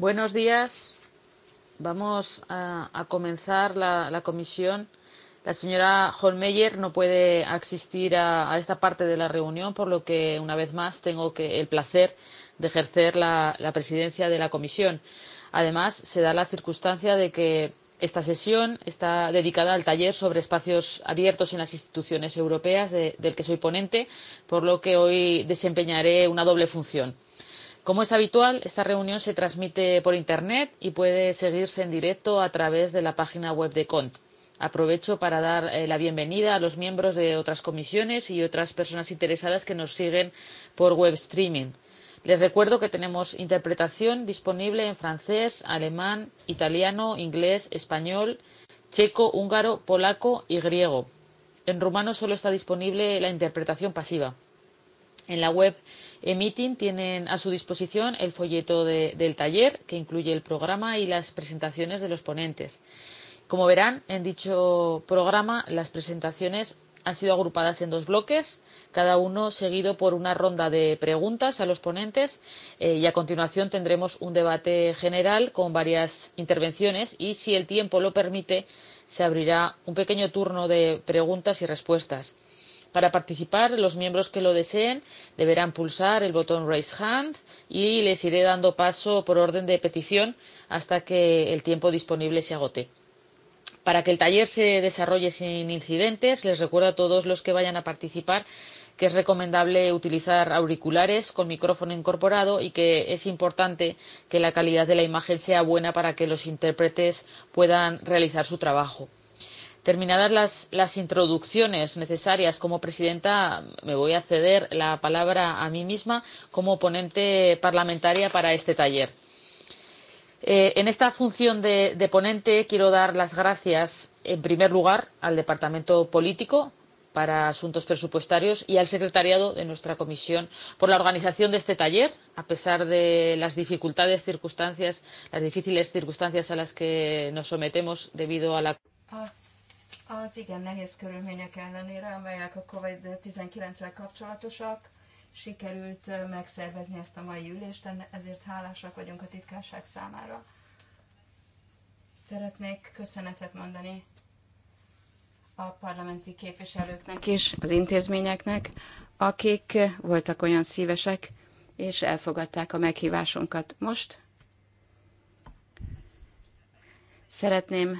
Buenos días. Vamos a, a comenzar la, la comisión. La señora Holmeyer no puede asistir a, a esta parte de la reunión, por lo que una vez más tengo que, el placer de ejercer la, la presidencia de la comisión. Además, se da la circunstancia de que esta sesión está dedicada al taller sobre espacios abiertos en las instituciones europeas de, del que soy ponente, por lo que hoy desempeñaré una doble función. Como es habitual, esta reunión se transmite por Internet y puede seguirse en directo a través de la página web de CONT. Aprovecho para dar eh, la bienvenida a los miembros de otras comisiones y otras personas interesadas que nos siguen por web streaming. Les recuerdo que tenemos interpretación disponible en francés, alemán, italiano, inglés, español, checo, húngaro, polaco y griego. En rumano solo está disponible la interpretación pasiva. En la web emiten tienen a su disposición el folleto de, del taller, que incluye el programa y las presentaciones de los ponentes. Como verán, en dicho programa las presentaciones han sido agrupadas en dos bloques, cada uno seguido por una ronda de preguntas a los ponentes eh, y a continuación tendremos un debate general con varias intervenciones y, si el tiempo lo permite, se abrirá un pequeño turno de preguntas y respuestas. Para participar, los miembros que lo deseen deberán pulsar el botón Raise Hand y les iré dando paso por orden de petición hasta que el tiempo disponible se agote. Para que el taller se desarrolle sin incidentes, les recuerdo a todos los que vayan a participar que es recomendable utilizar auriculares con micrófono incorporado y que es importante que la calidad de la imagen sea buena para que los intérpretes puedan realizar su trabajo. Terminadas las, las introducciones necesarias como presidenta, me voy a ceder la palabra a mí misma como ponente parlamentaria para este taller. Eh, en esta función de, de ponente quiero dar las gracias, en primer lugar, al Departamento Político para Asuntos Presupuestarios y al secretariado de nuestra comisión por la organización de este taller, a pesar de las dificultades, circunstancias, las difíciles circunstancias a las que nos sometemos debido a la. Azt az igen nehéz körülmények ellenére, amelyek a COVID-19-el kapcsolatosak, sikerült megszervezni ezt a mai ülést, ezért hálásak vagyunk a titkárság számára. Szeretnék köszönetet mondani a parlamenti képviselőknek is, az intézményeknek, akik voltak olyan szívesek, és elfogadták a meghívásunkat. Most szeretném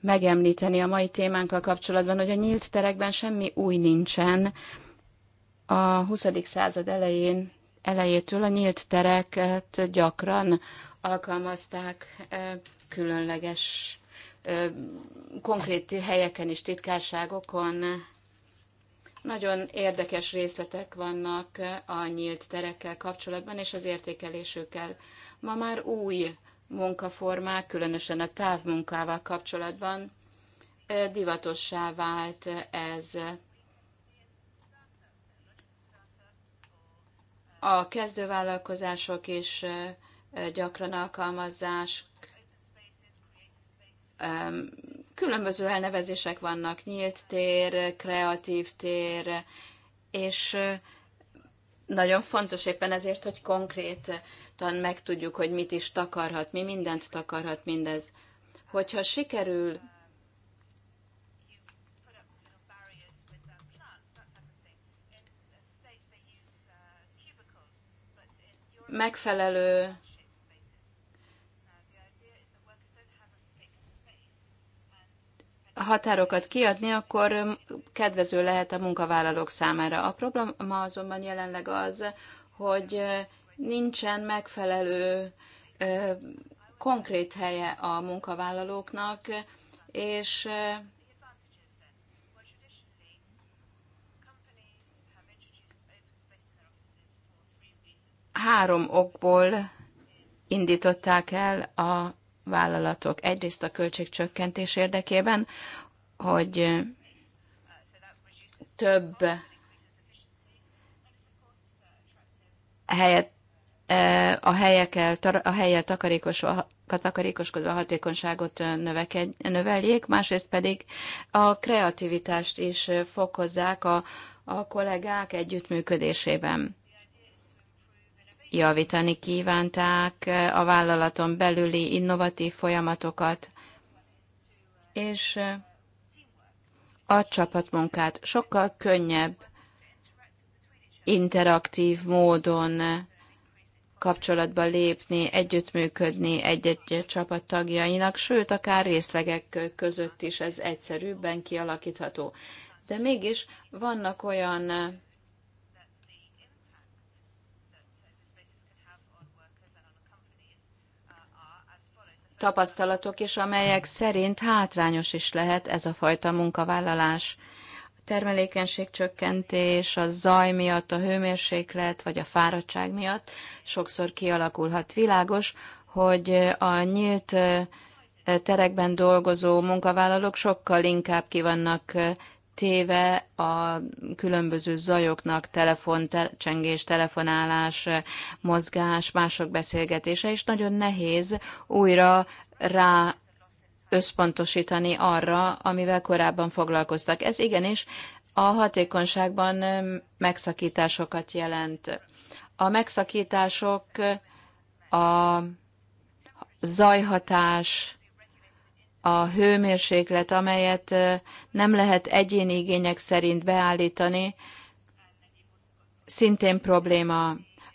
megemlíteni a mai témánkkal kapcsolatban, hogy a nyílt terekben semmi új nincsen. A 20. század elején, elejétől a nyílt tereket gyakran alkalmazták különleges konkrét helyeken is, titkárságokon. Nagyon érdekes részletek vannak a nyílt terekkel kapcsolatban és az értékelésükkel. Ma már új munkaformák, különösen a távmunkával kapcsolatban divatossá vált ez. A kezdővállalkozások is gyakran alkalmazás Különböző elnevezések vannak, nyílt tér, kreatív tér, és nagyon fontos éppen ezért, hogy konkrétan megtudjuk, hogy mit is takarhat, mi mindent takarhat mindez. Hogyha sikerül megfelelő határokat kiadni, akkor kedvező lehet a munkavállalók számára. A probléma azonban jelenleg az, hogy nincsen megfelelő konkrét helye a munkavállalóknak, és három okból indították el a vállalatok egyrészt a költségcsökkentés érdekében, hogy több helyet e, a, helyekkel, a helyet takarékoskodva, takarékoskodva hatékonyságot e, növeljék, másrészt pedig a kreativitást is e, fokozzák a, a kollégák együttműködésében javítani kívánták eh, a vállalaton belüli innovatív folyamatokat, és eh, a csapatmunkát sokkal könnyebb, interaktív módon eh, kapcsolatba lépni, együttműködni egy-egy csapat tagjainak, sőt, akár részlegek között is ez egyszerűbben kialakítható. De mégis vannak olyan tapasztalatok és amelyek szerint hátrányos is lehet ez a fajta munkavállalás. A termelékenység csökkentés, a zaj miatt, a hőmérséklet vagy a fáradtság miatt sokszor kialakulhat. Világos, hogy a nyílt eh, terekben dolgozó munkavállalók sokkal inkább kivannak eh, Téve a különböző zajoknak, telefon, te, csengés, telefonálás, mozgás, mások beszélgetése, és nagyon nehéz újra rá összpontosítani arra, amivel korábban foglalkoztak. Ez igenis a hatékonyságban megszakításokat jelent. A megszakítások a zajhatás, a hőmérséklet, amelyet nem lehet egyéni igények szerint beállítani, szintén probléma.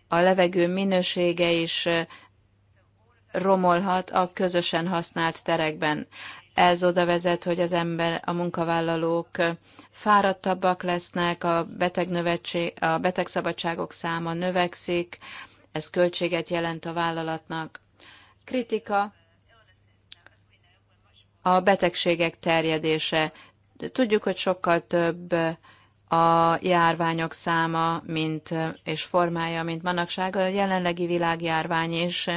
A levegő minősége is romolhat a közösen használt terekben. Ez oda vezet, hogy az ember, a munkavállalók fáradtabbak lesznek, a, beteg a betegszabadságok száma növekszik, ez költséget jelent a vállalatnak. Kritika a betegségek terjedése. Tudjuk, hogy sokkal több a járványok száma mint, és formája, mint manapság. A jelenlegi világjárvány is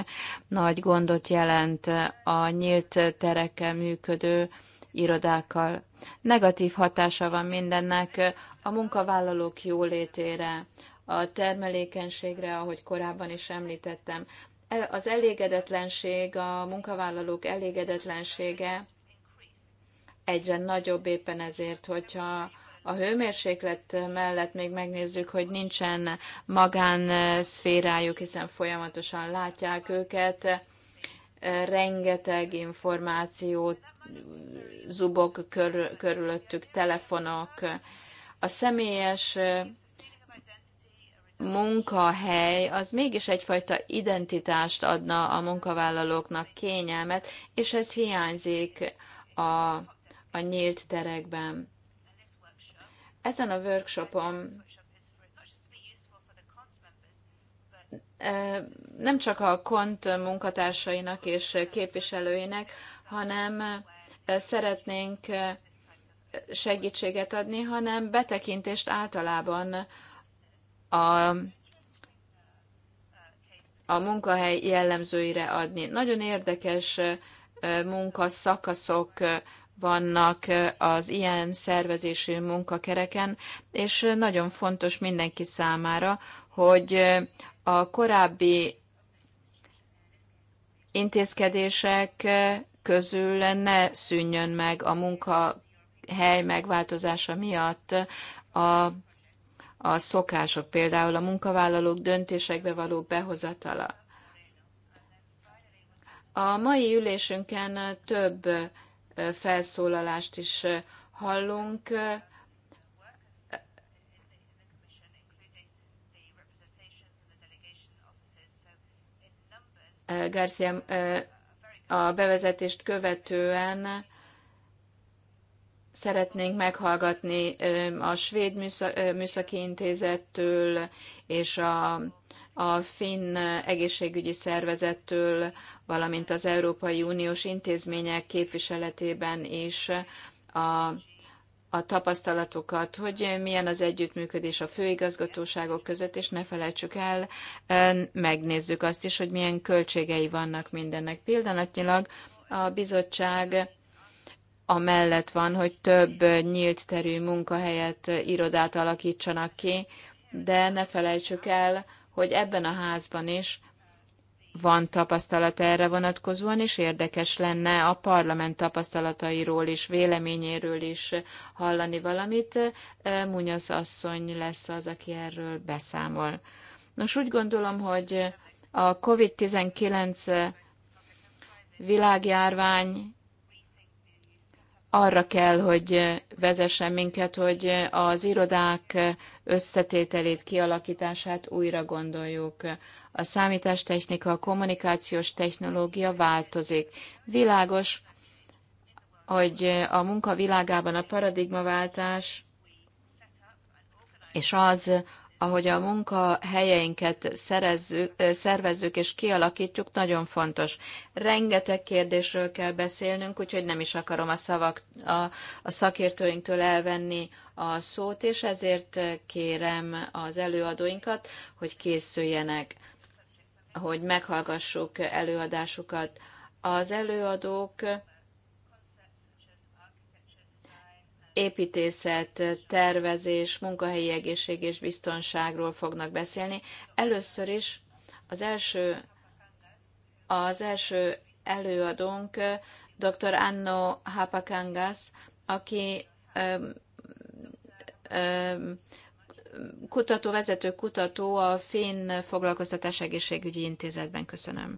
nagy gondot jelent a nyílt terekkel működő irodákkal. Negatív hatása van mindennek a munkavállalók jólétére, a termelékenységre, ahogy korábban is említettem. E, az elégedetlenség, a munkavállalók elégedetlensége egyre nagyobb éppen ezért, hogyha a hőmérséklet mellett még megnézzük, hogy nincsen magánszférájuk, hiszen folyamatosan látják őket, rengeteg információ zubok kör, körülöttük, telefonok. A személyes munkahely az mégis egyfajta identitást adna a munkavállalóknak, kényelmet, és ez hiányzik a a nyílt terekben. Ezen a workshopon eh, nem csak a kont munkatársainak és képviselőinek, hanem eh, szeretnénk eh, segítséget adni, hanem betekintést általában a, a munkahely jellemzőire adni. Nagyon érdekes munkaszakaszok vannak az ilyen szervezésű munkakereken, és nagyon fontos mindenki számára, hogy a korábbi intézkedések közül ne szűnjön meg a munkahely megváltozása miatt a, a szokások, például a munkavállalók döntésekbe való behozatala. A mai ülésünken több felszólalást is hallunk. Garcia a bevezetést követően szeretnénk meghallgatni a Svéd Műszaki Intézettől és a, a Finn Egészségügyi Szervezettől valamint az Európai Uniós intézmények képviseletében is a a tapasztalatokat, hogy milyen az együttműködés a főigazgatóságok között, és ne felejtsük el, megnézzük azt is, hogy milyen költségei vannak mindennek. Pillanatnyilag a bizottság amellett van, hogy több nyílt terű munkahelyet, irodát alakítsanak ki, de ne felejtsük el, hogy ebben a házban is van tapasztalat erre vonatkozóan, és érdekes lenne a parlament tapasztalatairól és véleményéről is hallani valamit. Munyasz asszony lesz az, aki erről beszámol. Nos, úgy gondolom, hogy a COVID-19 világjárvány arra kell, hogy vezessen minket, hogy az irodák összetételét, kialakítását újra gondoljuk. A számítástechnika, a kommunikációs technológia változik. Világos, hogy a munka világában a paradigmaváltás és az, ahogy a munkahelyeinket helyeinket szervezzük és kialakítjuk, nagyon fontos. Rengeteg kérdésről kell beszélnünk, úgyhogy nem is akarom a, szavak, a, a szakértőinktől elvenni a szót, és ezért kérem az előadóinkat, hogy készüljenek, hogy meghallgassuk előadásukat. Az előadók építészet, tervezés, munkahelyi egészség és biztonságról fognak beszélni. Először is az első, az első előadónk dr. Anno Hapakangas, aki kutató, vezető kutató a Finn Foglalkoztatás Egészségügyi Intézetben. Köszönöm.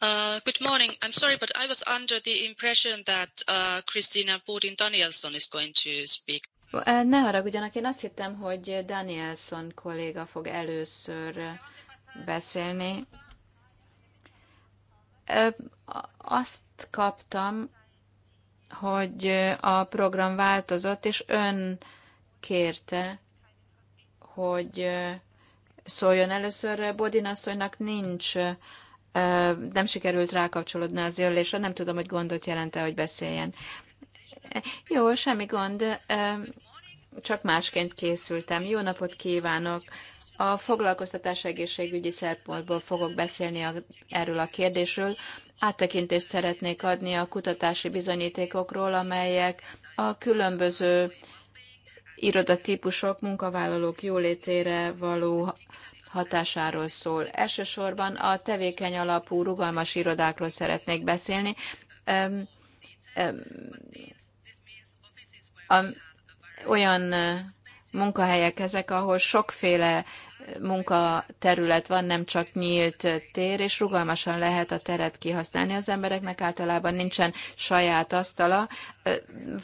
Uh, good morning. I'm sorry, but I was under the impression that uh, Christina Budin Danielson is going to speak. Uh, ne haragudjanak, én azt hittem, hogy Danielson kolléga fog először beszélni. Azt kaptam, hogy a program változott, és ön kérte, hogy szóljon először. Bodin asszonynak nincs nem sikerült rákapcsolódni az ülésre, nem tudom, hogy gondot jelente, hogy beszéljen. Jó, semmi gond, csak másként készültem. Jó napot kívánok! A foglalkoztatás egészségügyi szempontból fogok beszélni a, erről a kérdésről. Áttekintést szeretnék adni a kutatási bizonyítékokról, amelyek a különböző irodatípusok munkavállalók jólétére való hatásáról szól. Elsősorban a tevékeny alapú rugalmas irodákról szeretnék beszélni. olyan munkahelyek ezek, ahol sokféle munkaterület van, nem csak nyílt tér, és rugalmasan lehet a teret kihasználni. Az embereknek általában nincsen saját asztala,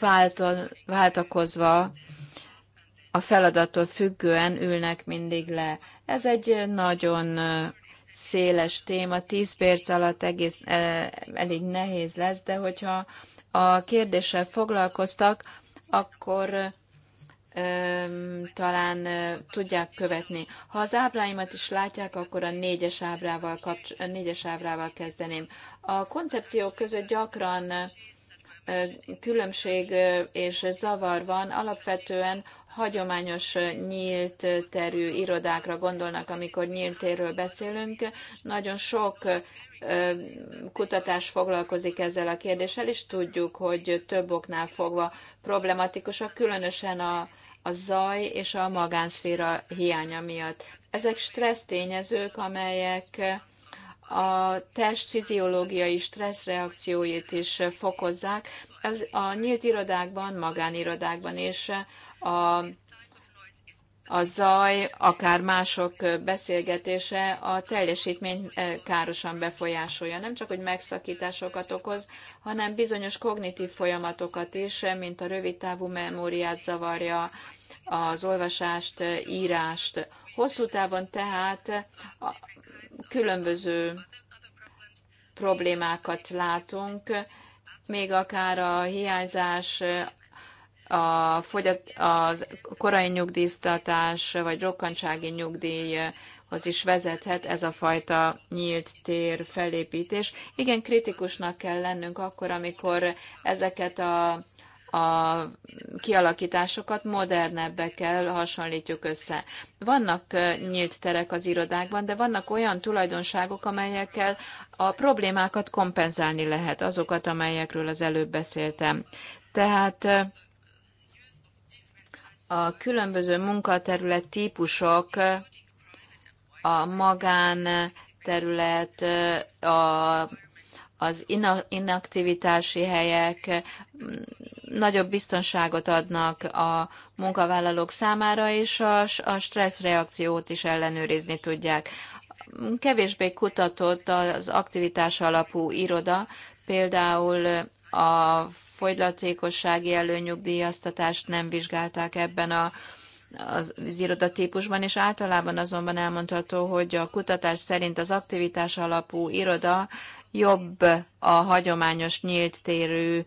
válto váltakozva a feladattól függően ülnek mindig le. Ez egy nagyon széles téma, tíz perc alatt egész, elég nehéz lesz, de hogyha a kérdéssel foglalkoztak, akkor talán tudják követni. Ha az ábráimat is látják, akkor a négyes ábrával, kapcs- négyes ábrával kezdeném. A koncepciók között gyakran különbség és zavar van, alapvetően hagyományos nyílt terű irodákra gondolnak, amikor nyílt térről beszélünk. Nagyon sok kutatás foglalkozik ezzel a kérdéssel, és tudjuk, hogy több oknál fogva problematikusak, különösen a, a zaj és a magánszféra hiánya miatt. Ezek stressz tényezők, amelyek a test fiziológiai stressz reakcióit is fokozzák. Ez a nyílt irodákban, magánirodákban is a, a zaj, akár mások beszélgetése a teljesítmény eh, károsan befolyásolja. Nem csak, hogy megszakításokat okoz, hanem bizonyos kognitív folyamatokat is, mint a rövidtávú memóriát zavarja, az olvasást, írást. Hosszú távon tehát a különböző problémákat látunk, még akár a hiányzás, a, fogyat, a korai nyugdíjztatás vagy rokkantsági az is vezethet ez a fajta nyílt tér felépítés. Igen, kritikusnak kell lennünk akkor, amikor ezeket a, a kialakításokat modernebbekkel hasonlítjuk össze. Vannak nyílt terek az irodákban, de vannak olyan tulajdonságok, amelyekkel a problémákat kompenzálni lehet, azokat, amelyekről az előbb beszéltem. Tehát a különböző munkaterület típusok, a magán terület, a, az inaktivitási helyek nagyobb biztonságot adnak a munkavállalók számára, és a, a stressz reakciót is ellenőrizni tudják. Kevésbé kutatott az aktivitás alapú iroda, például a fogylatékossági előnyugdíjaztatást nem vizsgálták ebben a az irodatípusban, és általában azonban elmondható, hogy a kutatás szerint az aktivitás alapú iroda jobb a hagyományos nyílt térű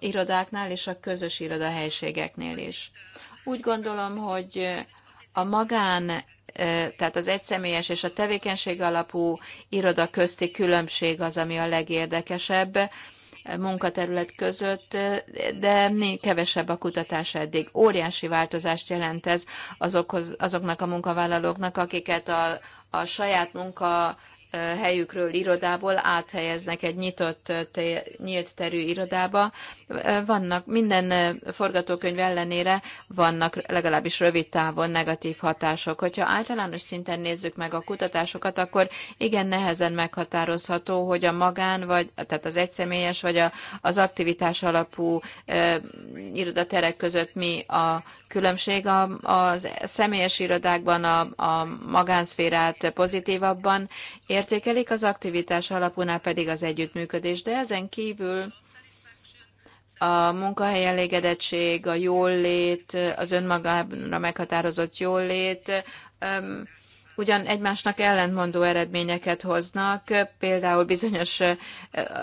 irodáknál és a közös irodahelységeknél is. Úgy gondolom, hogy a magán, tehát az egyszemélyes és a tevékenység alapú iroda közti különbség az, ami a legérdekesebb munkaterület között, de kevesebb a kutatás eddig. Óriási változást jelent ez azokhoz, azoknak a munkavállalóknak, akiket a, a saját munka helyükről, irodából áthelyeznek egy nyitott, nyílt terű irodába. Vannak minden forgatókönyv ellenére vannak legalábbis rövid távon negatív hatások. Hogyha általános szinten nézzük meg a kutatásokat, akkor igen nehezen meghatározható, hogy a magán, vagy tehát az egyszemélyes, vagy a, az aktivitás alapú e, irodaterek között mi a különbség. A, a személyes irodákban a, a magánszférát pozitívabban ér értékelik, az aktivitás alapúnál pedig az együttműködés. De ezen kívül a munkahely elégedettség, a jólét, az önmagára meghatározott jólét ugyan egymásnak ellentmondó eredményeket hoznak, például bizonyos,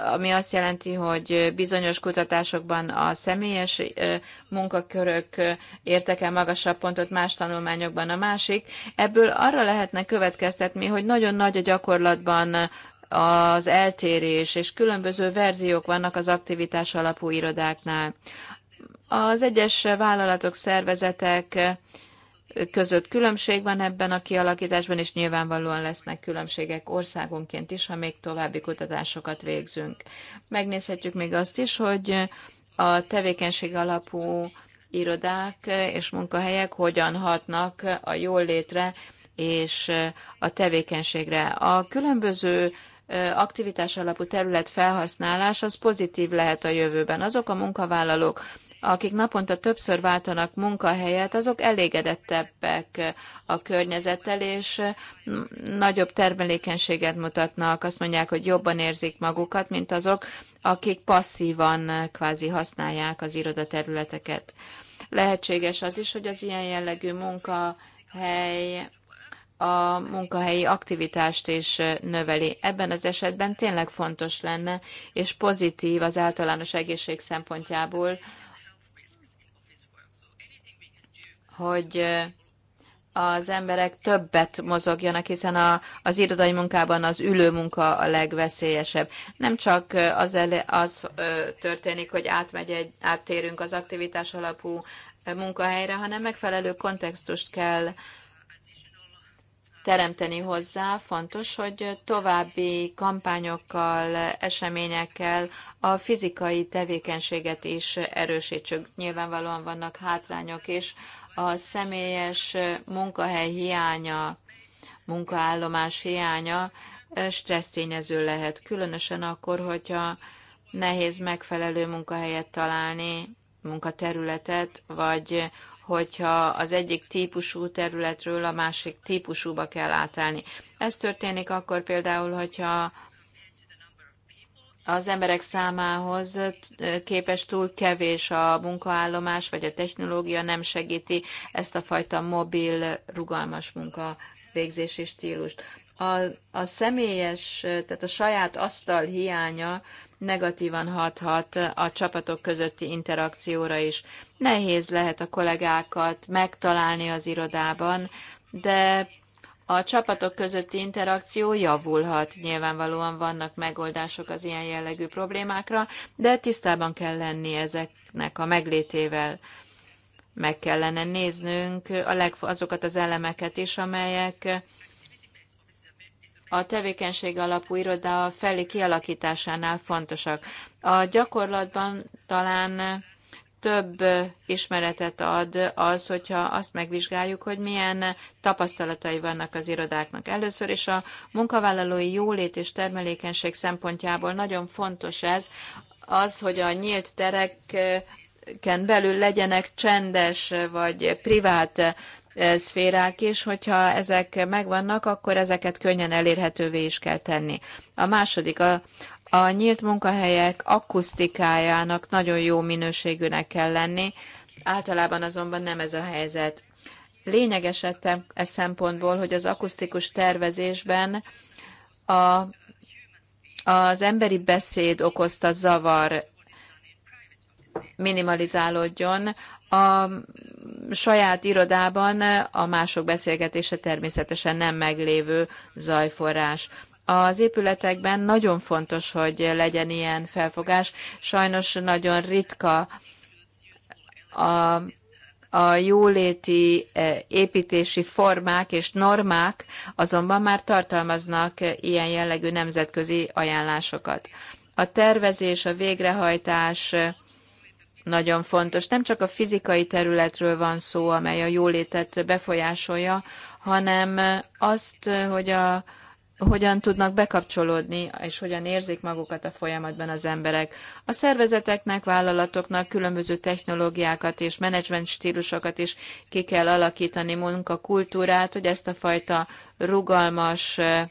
ami azt jelenti, hogy bizonyos kutatásokban a személyes munkakörök értek el magasabb pontot, más tanulmányokban a másik. Ebből arra lehetne következtetni, hogy nagyon nagy a gyakorlatban az eltérés, és különböző verziók vannak az aktivitás alapú irodáknál. Az egyes vállalatok, szervezetek között különbség van ebben a kialakításban, és nyilvánvalóan lesznek különbségek országonként is, ha még további kutatásokat végzünk. Megnézhetjük még azt is, hogy a tevékenység alapú irodák és munkahelyek hogyan hatnak a jól létre és a tevékenységre. A különböző aktivitás alapú terület felhasználás az pozitív lehet a jövőben. Azok a munkavállalók, akik naponta többször váltanak munkahelyet, azok elégedettebbek a környezettel, és nagyobb termelékenységet mutatnak, azt mondják, hogy jobban érzik magukat, mint azok, akik passzívan kvázi használják az irodaterületeket. Lehetséges az is, hogy az ilyen jellegű munkahely a munkahelyi aktivitást is növeli. Ebben az esetben tényleg fontos lenne, és pozitív az általános egészség szempontjából, hogy az emberek többet mozogjanak, hiszen a, az irodai munkában az ülő munka a legveszélyesebb. Nem csak az, ele, az történik, hogy átmegy egy, áttérünk az aktivitás alapú munkahelyre, hanem megfelelő kontextust kell teremteni hozzá. Fontos, hogy további kampányokkal, eseményekkel a fizikai tevékenységet is erősítsük. Nyilvánvalóan vannak hátrányok is a személyes munkahely hiánya, munkaállomás hiánya stressztényező lehet, különösen akkor, hogyha nehéz megfelelő munkahelyet találni, munkaterületet, vagy hogyha az egyik típusú területről a másik típusúba kell átállni. Ez történik akkor például, hogyha az emberek számához képes túl kevés a munkaállomás, vagy a technológia nem segíti ezt a fajta mobil, rugalmas munka végzési stílust. A, a személyes, tehát a saját asztal hiánya negatívan hathat a csapatok közötti interakcióra is. Nehéz lehet a kollégákat megtalálni az irodában, de a csapatok közötti interakció javulhat, nyilvánvalóan vannak megoldások az ilyen jellegű problémákra, de tisztában kell lenni ezeknek a meglétével. Meg kellene néznünk a leg, azokat az elemeket is, amelyek a tevékenység alapú iroda felé kialakításánál fontosak. A gyakorlatban talán több ismeretet ad az, hogyha azt megvizsgáljuk, hogy milyen tapasztalatai vannak az irodáknak. Először is a munkavállalói jólét és termelékenység szempontjából nagyon fontos ez, az, hogy a nyílt tereken belül legyenek csendes vagy privát eh, szférák is, hogyha ezek megvannak, akkor ezeket könnyen elérhetővé is kell tenni. A második, a, a nyílt munkahelyek akusztikájának nagyon jó minőségűnek kell lenni, általában azonban nem ez a helyzet. Lényeges e, e szempontból, hogy az akusztikus tervezésben a, az emberi beszéd okozta zavar minimalizálódjon. A saját irodában a mások beszélgetése természetesen nem meglévő zajforrás. Az épületekben nagyon fontos, hogy legyen ilyen felfogás. Sajnos nagyon ritka a, a jóléti e, építési formák és normák azonban már tartalmaznak e, ilyen jellegű nemzetközi ajánlásokat. A tervezés, a végrehajtás e, nagyon fontos. Nem csak a fizikai területről van szó, amely a jólétet befolyásolja, hanem azt, hogy a, hogyan tudnak bekapcsolódni, és hogyan érzik magukat a folyamatban az emberek. A szervezeteknek, vállalatoknak különböző technológiákat és menedzsment stílusokat is ki kell alakítani, munkakultúrát, hogy ezt a fajta rugalmas, eh,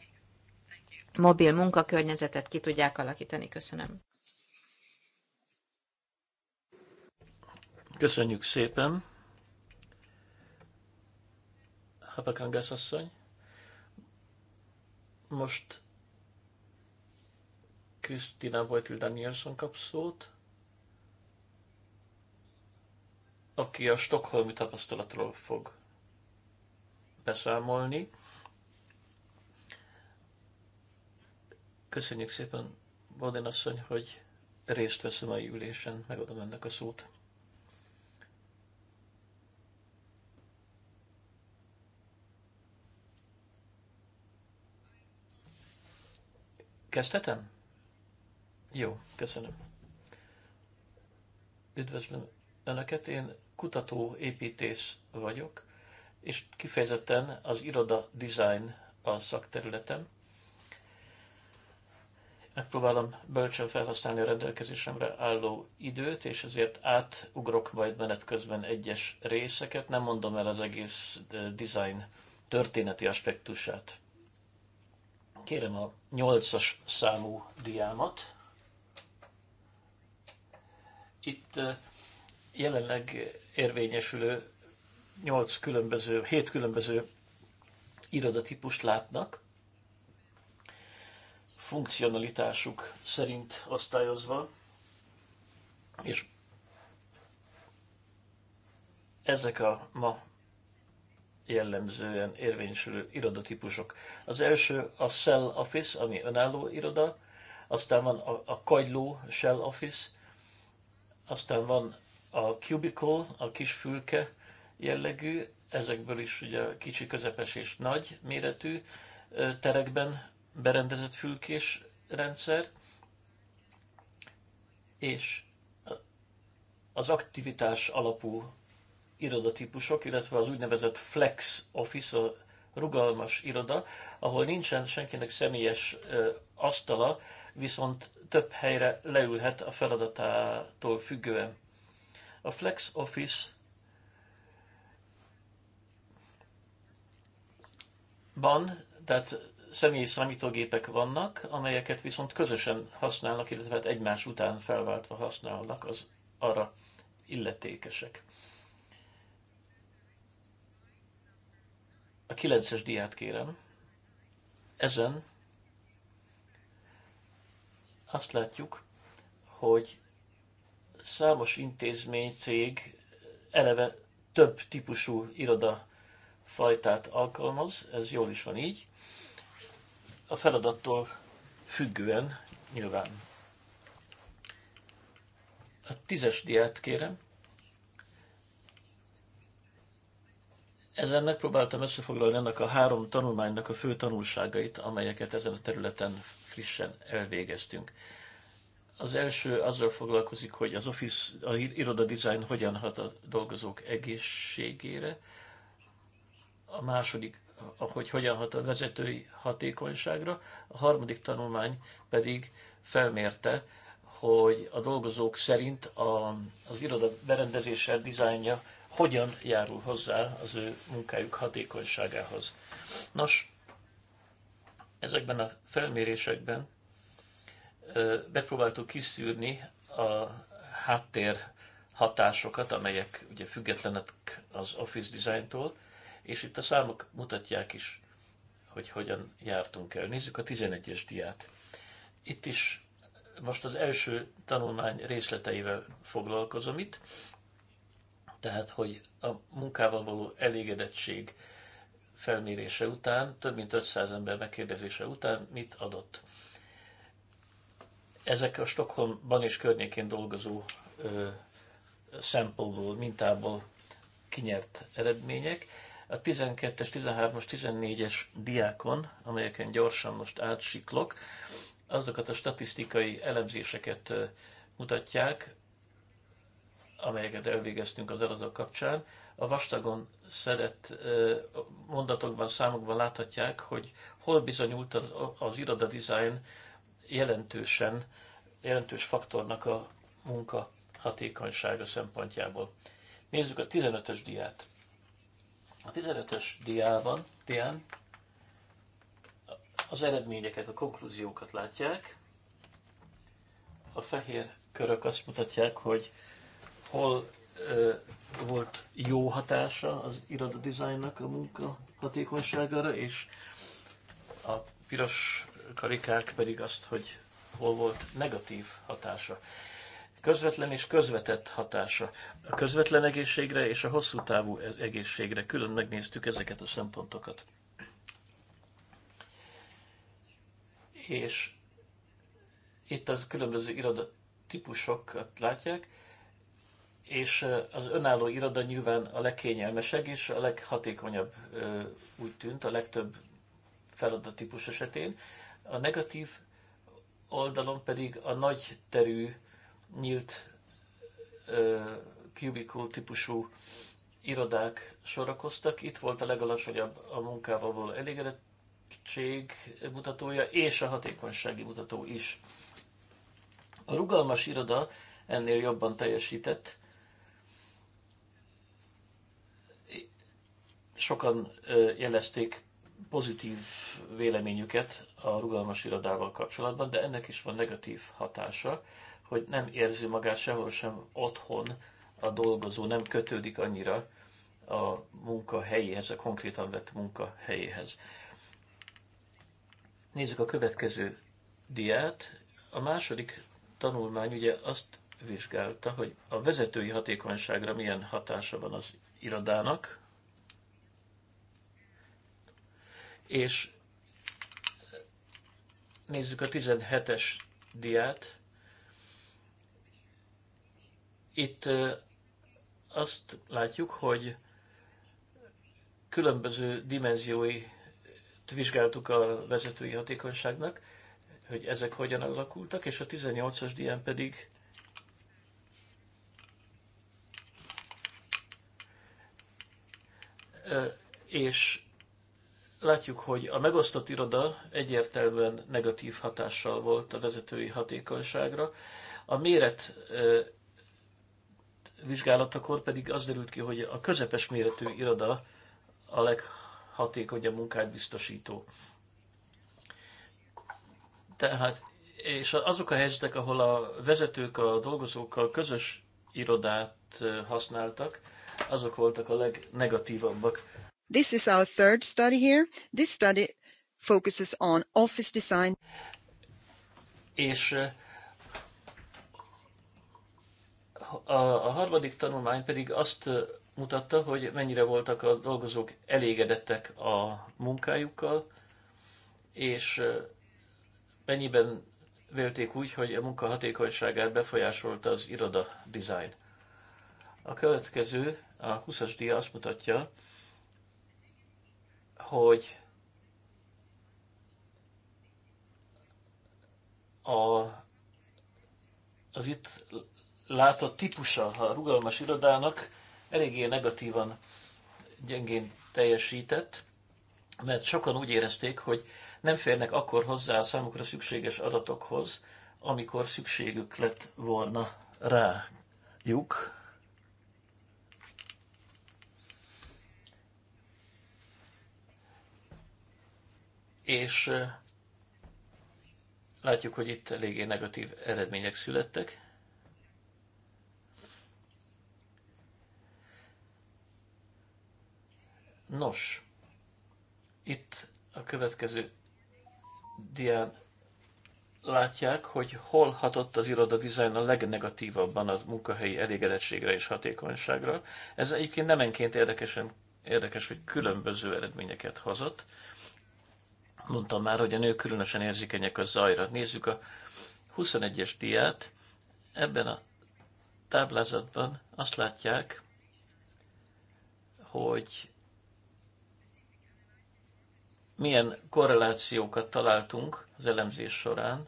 mobil munkakörnyezetet ki tudják alakítani. Köszönöm. Köszönjük szépen. Hapakangász asszony. Most Krisztina Boytil Danielson kap szót, aki a stokholmi tapasztalatról fog beszámolni. Köszönjük szépen, Bodin asszony, hogy részt vesz a mai ülésen, megadom ennek a szót. Kezdhetem? Jó, köszönöm. Üdvözlöm Önöket, én kutató építész vagyok, és kifejezetten az iroda design a szakterületem. Megpróbálom bölcsen felhasználni a rendelkezésemre álló időt, és ezért átugrok majd menet közben egyes részeket. Nem mondom el az egész eh, design történeti aspektusát. Kérem a 8-as számú diámat. Itt jelenleg érvényesülő 8 különböző, 7 különböző irodatípust látnak, funkcionalitásuk szerint osztályozva, és ezek a ma jellemzően érvényesülő irodatípusok. Az első a Cell Office, ami önálló iroda, aztán van a, a kagyló Shell Office, aztán van a Cubicle, a kisfülke jellegű, ezekből is ugye kicsi, közepes és nagy méretű terekben berendezett fülkés rendszer, és az aktivitás alapú irodatípusok, illetve az úgynevezett flex office, a rugalmas iroda, ahol nincsen senkinek személyes asztala, viszont több helyre leülhet a feladatától függően. A flex office ban, tehát személyi számítógépek vannak, amelyeket viszont közösen használnak, illetve hát egymás után felváltva használnak az arra illetékesek. A 9-es diát kérem. Ezen azt látjuk, hogy számos intézmény, cég eleve több típusú iroda fajtát alkalmaz, ez jól is van így, a feladattól függően nyilván. A tízes diát kérem. Ezen megpróbáltam összefoglalni ennek a három tanulmánynak a fő tanulságait, amelyeket ezen a területen frissen elvégeztünk. Az első azzal foglalkozik, hogy az office, a iroda design hogyan hat a dolgozók egészségére. A második, hogy hogyan hat a vezetői hatékonyságra. A harmadik tanulmány pedig felmérte, hogy a dolgozók szerint a, az iroda berendezése, dizájnja hogyan járul hozzá az ő munkájuk hatékonyságához. Nos, ezekben a felmérésekben megpróbáltuk kiszűrni a háttér hatásokat, amelyek ugye függetlenek az Office design és itt a számok mutatják is, hogy hogyan jártunk el. Nézzük a 11-es diát. Itt is most az első tanulmány részleteivel foglalkozom itt. Tehát, hogy a munkával való elégedettség felmérése után, több mint 500 ember megkérdezése után mit adott. Ezek a Stockholmban és környékén dolgozó ö, szempontból, mintából kinyert eredmények. A 12-es, 13-as, 14-es diákon, amelyeken gyorsan most átsiklok, azokat a statisztikai elemzéseket mutatják, amelyeket elvégeztünk az eladó kapcsán, a vastagon szedett mondatokban, számokban láthatják, hogy hol bizonyult az, az iroda design jelentősen, jelentős faktornak a munka hatékonysága szempontjából. Nézzük a 15-ös diát. A 15-ös diában, dián az eredményeket, a konklúziókat látják. A fehér körök azt mutatják, hogy hol ö, volt jó hatása az iroda dizájnnak a munka hatékonyságára, és a piros karikák pedig azt, hogy hol volt negatív hatása. Közvetlen és közvetett hatása. A közvetlen egészségre és a hosszú távú e- egészségre külön megnéztük ezeket a szempontokat. És itt az különböző iroda típusokat látják és az önálló iroda nyilván a legkényelmesebb és a leghatékonyabb úgy tűnt a legtöbb feladatípus esetén. A negatív oldalon pedig a nagy terű, nyílt cubicle típusú irodák sorakoztak. Itt volt a legalacsonyabb a munkával való elégedettség mutatója és a hatékonysági mutató is. A rugalmas iroda ennél jobban teljesített, Sokan jelezték pozitív véleményüket a rugalmas irodával kapcsolatban, de ennek is van negatív hatása, hogy nem érzi magát sehol sem otthon a dolgozó, nem kötődik annyira a munkahelyéhez, a konkrétan vett munkahelyéhez. Nézzük a következő diát. A második tanulmány ugye azt vizsgálta, hogy a vezetői hatékonyságra milyen hatása van az irodának, És nézzük a 17-es diát. Itt azt látjuk, hogy különböző dimenziói vizsgáltuk a vezetői hatékonyságnak, hogy ezek hogyan alakultak, és a 18-as dián pedig és látjuk, hogy a megosztott iroda egyértelműen negatív hatással volt a vezetői hatékonyságra. A méret vizsgálatakor pedig az derült ki, hogy a közepes méretű iroda a leghatékonyabb munkát biztosító. Tehát, és azok a helyzetek, ahol a vezetők a dolgozókkal közös irodát használtak, azok voltak a legnegatívabbak This is our third study here. This study focuses on office design. És a, a harmadik tanulmány pedig azt mutatta, hogy mennyire voltak a dolgozók elégedettek a munkájukkal, és mennyiben vélték úgy, hogy a munka hatékonyságát befolyásolta az iroda design. A következő, a 20-as dia azt mutatja, hogy a, az itt látott típusa a rugalmas irodának eléggé negatívan gyengén teljesített, mert sokan úgy érezték, hogy nem férnek akkor hozzá a számukra szükséges adatokhoz, amikor szükségük lett volna rájuk. és látjuk, hogy itt eléggé negatív eredmények születtek. Nos, itt a következő dián látják, hogy hol hatott az iroda dizájn a legnegatívabban a munkahelyi elégedettségre és hatékonyságra. Ez egyébként nemenként érdekesen, érdekes, hogy különböző eredményeket hozott. Mondtam már, hogy a nők különösen érzékenyek a zajra. Nézzük a 21-es diát. Ebben a táblázatban azt látják, hogy milyen korrelációkat találtunk az elemzés során.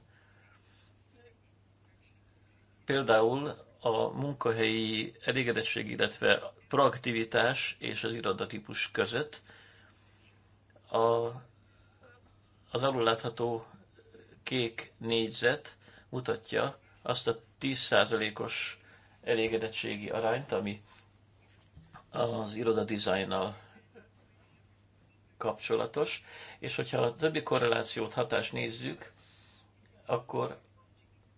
Például a munkahelyi elégedettség, illetve proaktivitás és az irodatípus között a az látható kék négyzet mutatja azt a 10%-os elégedettségi arányt, ami az iroda dizájnnal kapcsolatos, és hogyha a többi korrelációt, hatást nézzük, akkor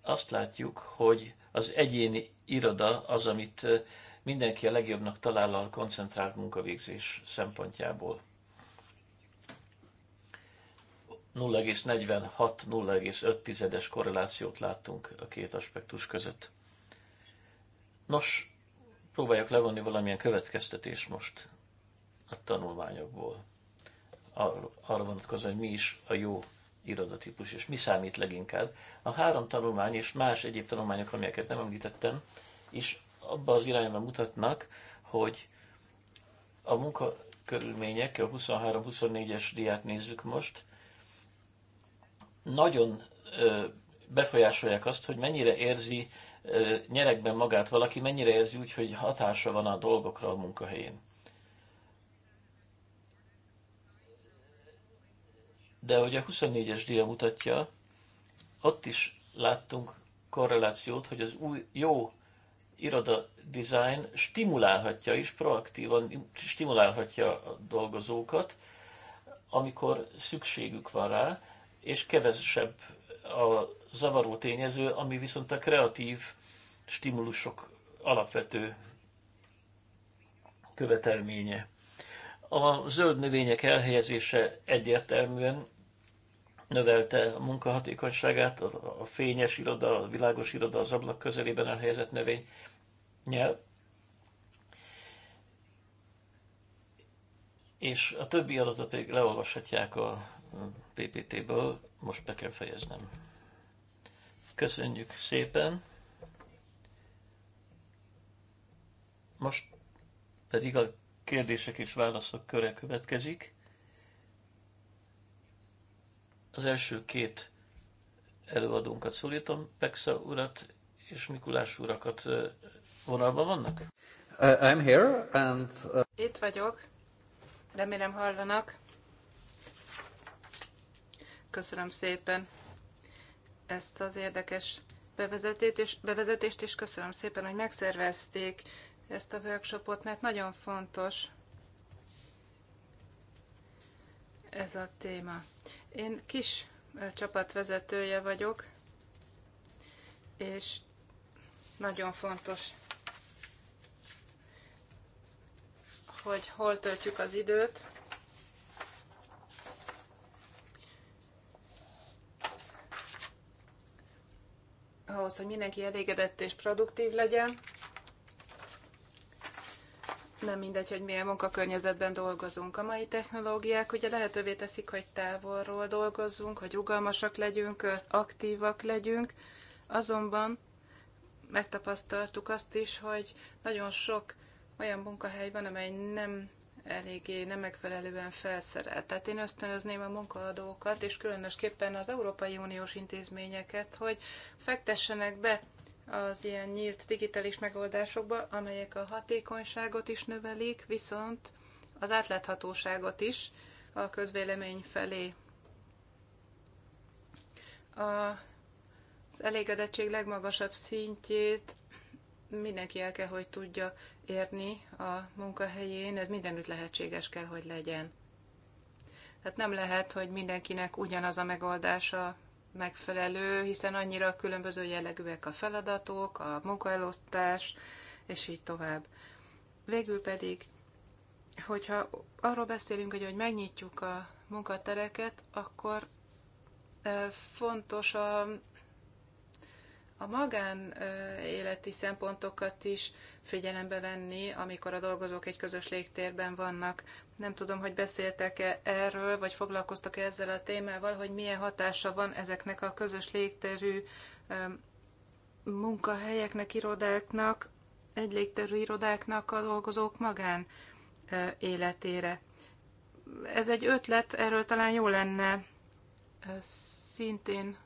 azt látjuk, hogy az egyéni iroda az, amit mindenki a legjobbnak talál a koncentrált munkavégzés szempontjából. 0,46-0,5-es korrelációt láttunk a két aspektus között. Nos, próbáljuk levonni valamilyen következtetés most a tanulmányokból. Ar- arra vonatkozóan, hogy mi is a jó irodatípus, és mi számít leginkább. A három tanulmány és más egyéb tanulmányok, amelyeket nem említettem, is abba az irányba mutatnak, hogy a munkakörülmények, a 23-24-es diát nézzük most, nagyon befolyásolják azt, hogy mennyire érzi nyerekben magát valaki, mennyire érzi úgy, hogy hatása van a dolgokra a munkahelyén. De hogy a 24-es dia mutatja, ott is láttunk korrelációt, hogy az új jó iroda design stimulálhatja is, proaktívan stimulálhatja a dolgozókat, amikor szükségük van rá, és kevesebb a zavaró tényező, ami viszont a kreatív stimulusok alapvető követelménye. A zöld növények elhelyezése egyértelműen növelte a munkahatékonyságát, a fényes iroda, a világos iroda, az ablak közelében elhelyezett növénynyel. És a többi adatot pedig leolvashatják a PPT-ből, most be kell fejeznem. Köszönjük szépen! Most pedig a kérdések és válaszok köre következik. Az első két előadónkat szólítom, Pexa urat és Mikulás urakat vonalban vannak? Uh, I'm here and... Uh, Itt vagyok. Remélem hallanak. Köszönöm szépen ezt az érdekes bevezetést, és, és köszönöm szépen, hogy megszervezték ezt a workshopot, mert nagyon fontos ez a téma. Én kis csapatvezetője vagyok, és nagyon fontos, hogy hol töltjük az időt, ahhoz, hogy mindenki elégedett és produktív legyen. Nem mindegy, hogy milyen munkakörnyezetben dolgozunk. A mai technológiák ugye lehetővé teszik, hogy távolról dolgozzunk, hogy rugalmasak legyünk, aktívak legyünk, azonban megtapasztaltuk azt is, hogy nagyon sok olyan munkahely van, amely nem eléggé nem megfelelően felszerelt. Tehát én ösztönözném a munkaadókat, és különösképpen az Európai Uniós intézményeket, hogy fektessenek be az ilyen nyílt digitális megoldásokba, amelyek a hatékonyságot is növelik, viszont az átláthatóságot is a közvélemény felé. A, az elégedettség legmagasabb szintjét mindenki el kell, hogy tudja érni a munkahelyén, ez mindenütt lehetséges kell, hogy legyen. Tehát nem lehet, hogy mindenkinek ugyanaz a megoldása megfelelő, hiszen annyira különböző jellegűek a feladatok, a munkaelosztás, és így tovább. Végül pedig, hogyha arról beszélünk, hogy, hogy megnyitjuk a munkatereket, akkor fontos a, a magánéleti szempontokat is figyelembe venni, amikor a dolgozók egy közös légtérben vannak. Nem tudom, hogy beszéltek-e erről, vagy foglalkoztak -e ezzel a témával, hogy milyen hatása van ezeknek a közös légterű munkahelyeknek, irodáknak, egy légterű irodáknak a dolgozók magán e, életére. Ez egy ötlet, erről talán jó lenne e, szintén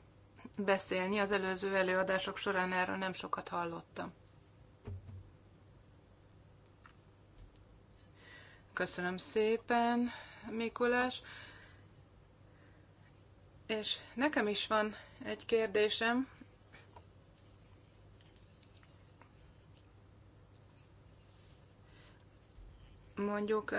beszélni, az előző előadások során erről nem sokat hallottam. Köszönöm szépen, Mikulás. És nekem is van egy kérdésem. Mondjuk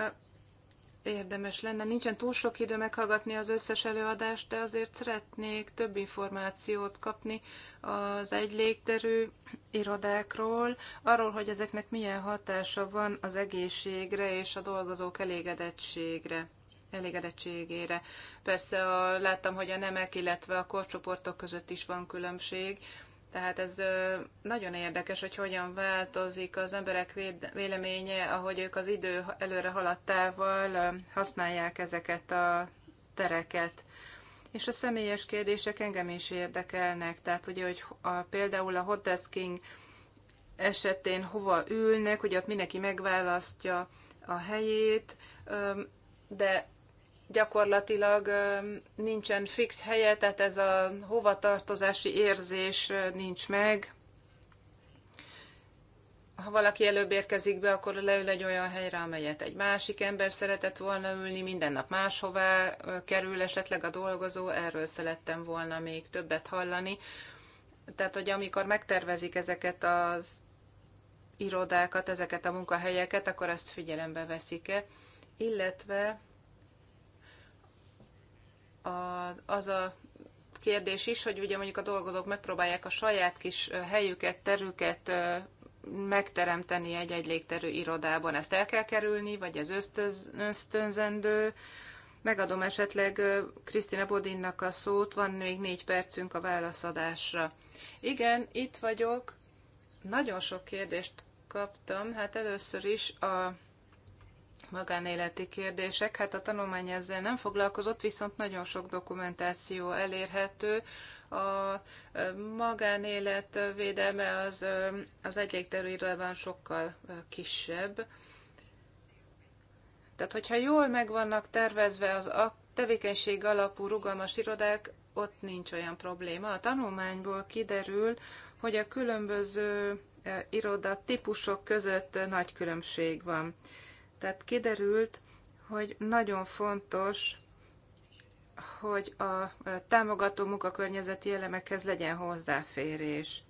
érdemes lenne. Nincsen túl sok idő meghallgatni az összes előadást, de azért szeretnék több információt kapni az egy légterű irodákról, arról, hogy ezeknek milyen hatása van az egészségre és a dolgozók elégedettségre elégedettségére. Persze a, láttam, hogy a nemek, illetve a korcsoportok között is van különbség, tehát ez nagyon érdekes, hogy hogyan változik az emberek véleménye, ahogy ők az idő előre haladtával használják ezeket a tereket. És a személyes kérdések engem is érdekelnek. Tehát ugye, hogy a, például a hotdesking esetén hova ülnek, ugye ott mindenki megválasztja a helyét, de gyakorlatilag nincsen fix helye, tehát ez a hovatartozási érzés nincs meg. Ha valaki előbb érkezik be, akkor leül egy olyan helyre, amelyet egy másik ember szeretett volna ülni, minden nap máshová kerül esetleg a dolgozó, erről szerettem volna még többet hallani. Tehát, hogy amikor megtervezik ezeket az irodákat, ezeket a munkahelyeket, akkor ezt figyelembe veszik-e, illetve az a kérdés is, hogy ugye mondjuk a dolgozók megpróbálják a saját kis helyüket, terüket megteremteni egy-egy légterű irodában. Ezt el kell kerülni, vagy ez ösztöz, ösztönzendő. Megadom esetleg Krisztina Bodinnak a szót, van még négy percünk a válaszadásra. Igen, itt vagyok. Nagyon sok kérdést kaptam. Hát először is a magánéleti kérdések. Hát a tanulmány ezzel nem foglalkozott, viszont nagyon sok dokumentáció elérhető. A magánélet védelme az, az egy légterülőben sokkal kisebb. Tehát, hogyha jól meg vannak tervezve az a tevékenység alapú rugalmas irodák, ott nincs olyan probléma. A tanulmányból kiderül, hogy a különböző iroda típusok között nagy különbség van. Tehát kiderült, hogy nagyon fontos, hogy a támogató munkakörnyezeti elemekhez legyen hozzáférés.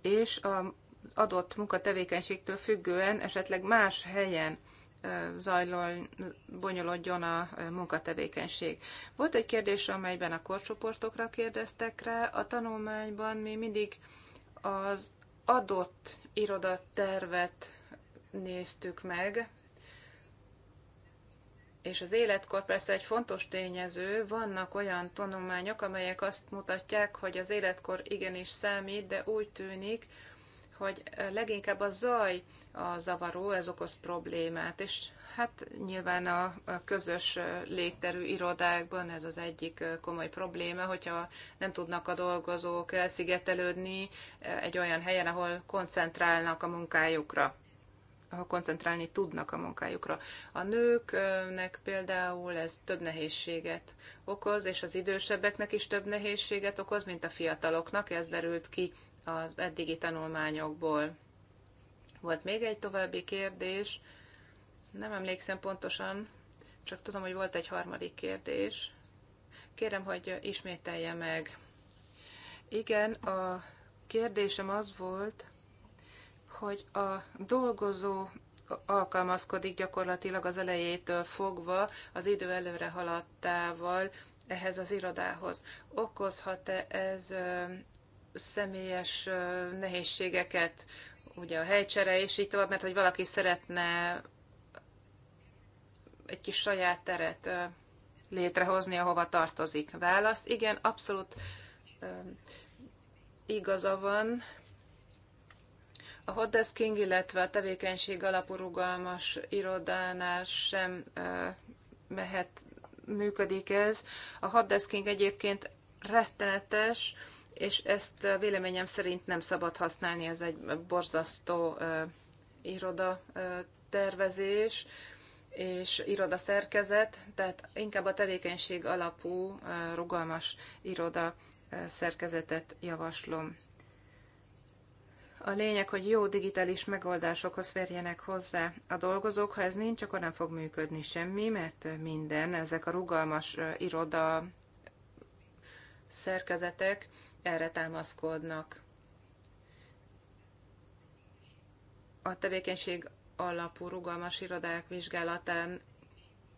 És az adott munkatevékenységtől függően esetleg más helyen zajlon, bonyolodjon a munkatevékenység. Volt egy kérdés, amelyben a korcsoportokra kérdeztek rá. A tanulmányban mi mindig az adott irodatervet néztük meg, és az életkor persze egy fontos tényező, vannak olyan tanulmányok, amelyek azt mutatják, hogy az életkor igenis számít, de úgy tűnik, hogy leginkább a zaj a zavaró, ez okoz problémát, és hát nyilván a, közös légterű irodákban ez az egyik komoly probléma, hogyha nem tudnak a dolgozók elszigetelődni egy olyan helyen, ahol koncentrálnak a munkájukra ahol koncentrálni tudnak a munkájukra. A nőknek például ez több nehézséget okoz, és az idősebbeknek is több nehézséget okoz, mint a fiataloknak, ez derült ki az eddigi tanulmányokból. Volt még egy további kérdés, nem emlékszem pontosan, csak tudom, hogy volt egy harmadik kérdés. Kérem, hogy ismételje meg. Igen, a kérdésem az volt, hogy a dolgozó alkalmazkodik gyakorlatilag az elejétől fogva az idő előre haladtával ehhez az irodához. Okozhat-e ez személyes nehézségeket, ugye a helycsere és így tovább, mert hogy valaki szeretne egy kis saját teret létrehozni, ahova tartozik. Válasz, igen, abszolút igaza van. A hotdesking, illetve a tevékenység alapú rugalmas irodánál sem mehet, működik ez. A hotdesking egyébként rettenetes, és ezt véleményem szerint nem szabad használni, ez egy borzasztó uh, iroda uh, tervezés és iroda szerkezet, tehát inkább a tevékenység alapú, uh, rugalmas iroda uh, szerkezetet javaslom. A lényeg, hogy jó digitális megoldásokhoz férjenek hozzá a dolgozók. Ha ez nincs, akkor nem fog működni semmi, mert minden, ezek a rugalmas iroda szerkezetek erre támaszkodnak. A tevékenység alapú rugalmas irodák vizsgálatán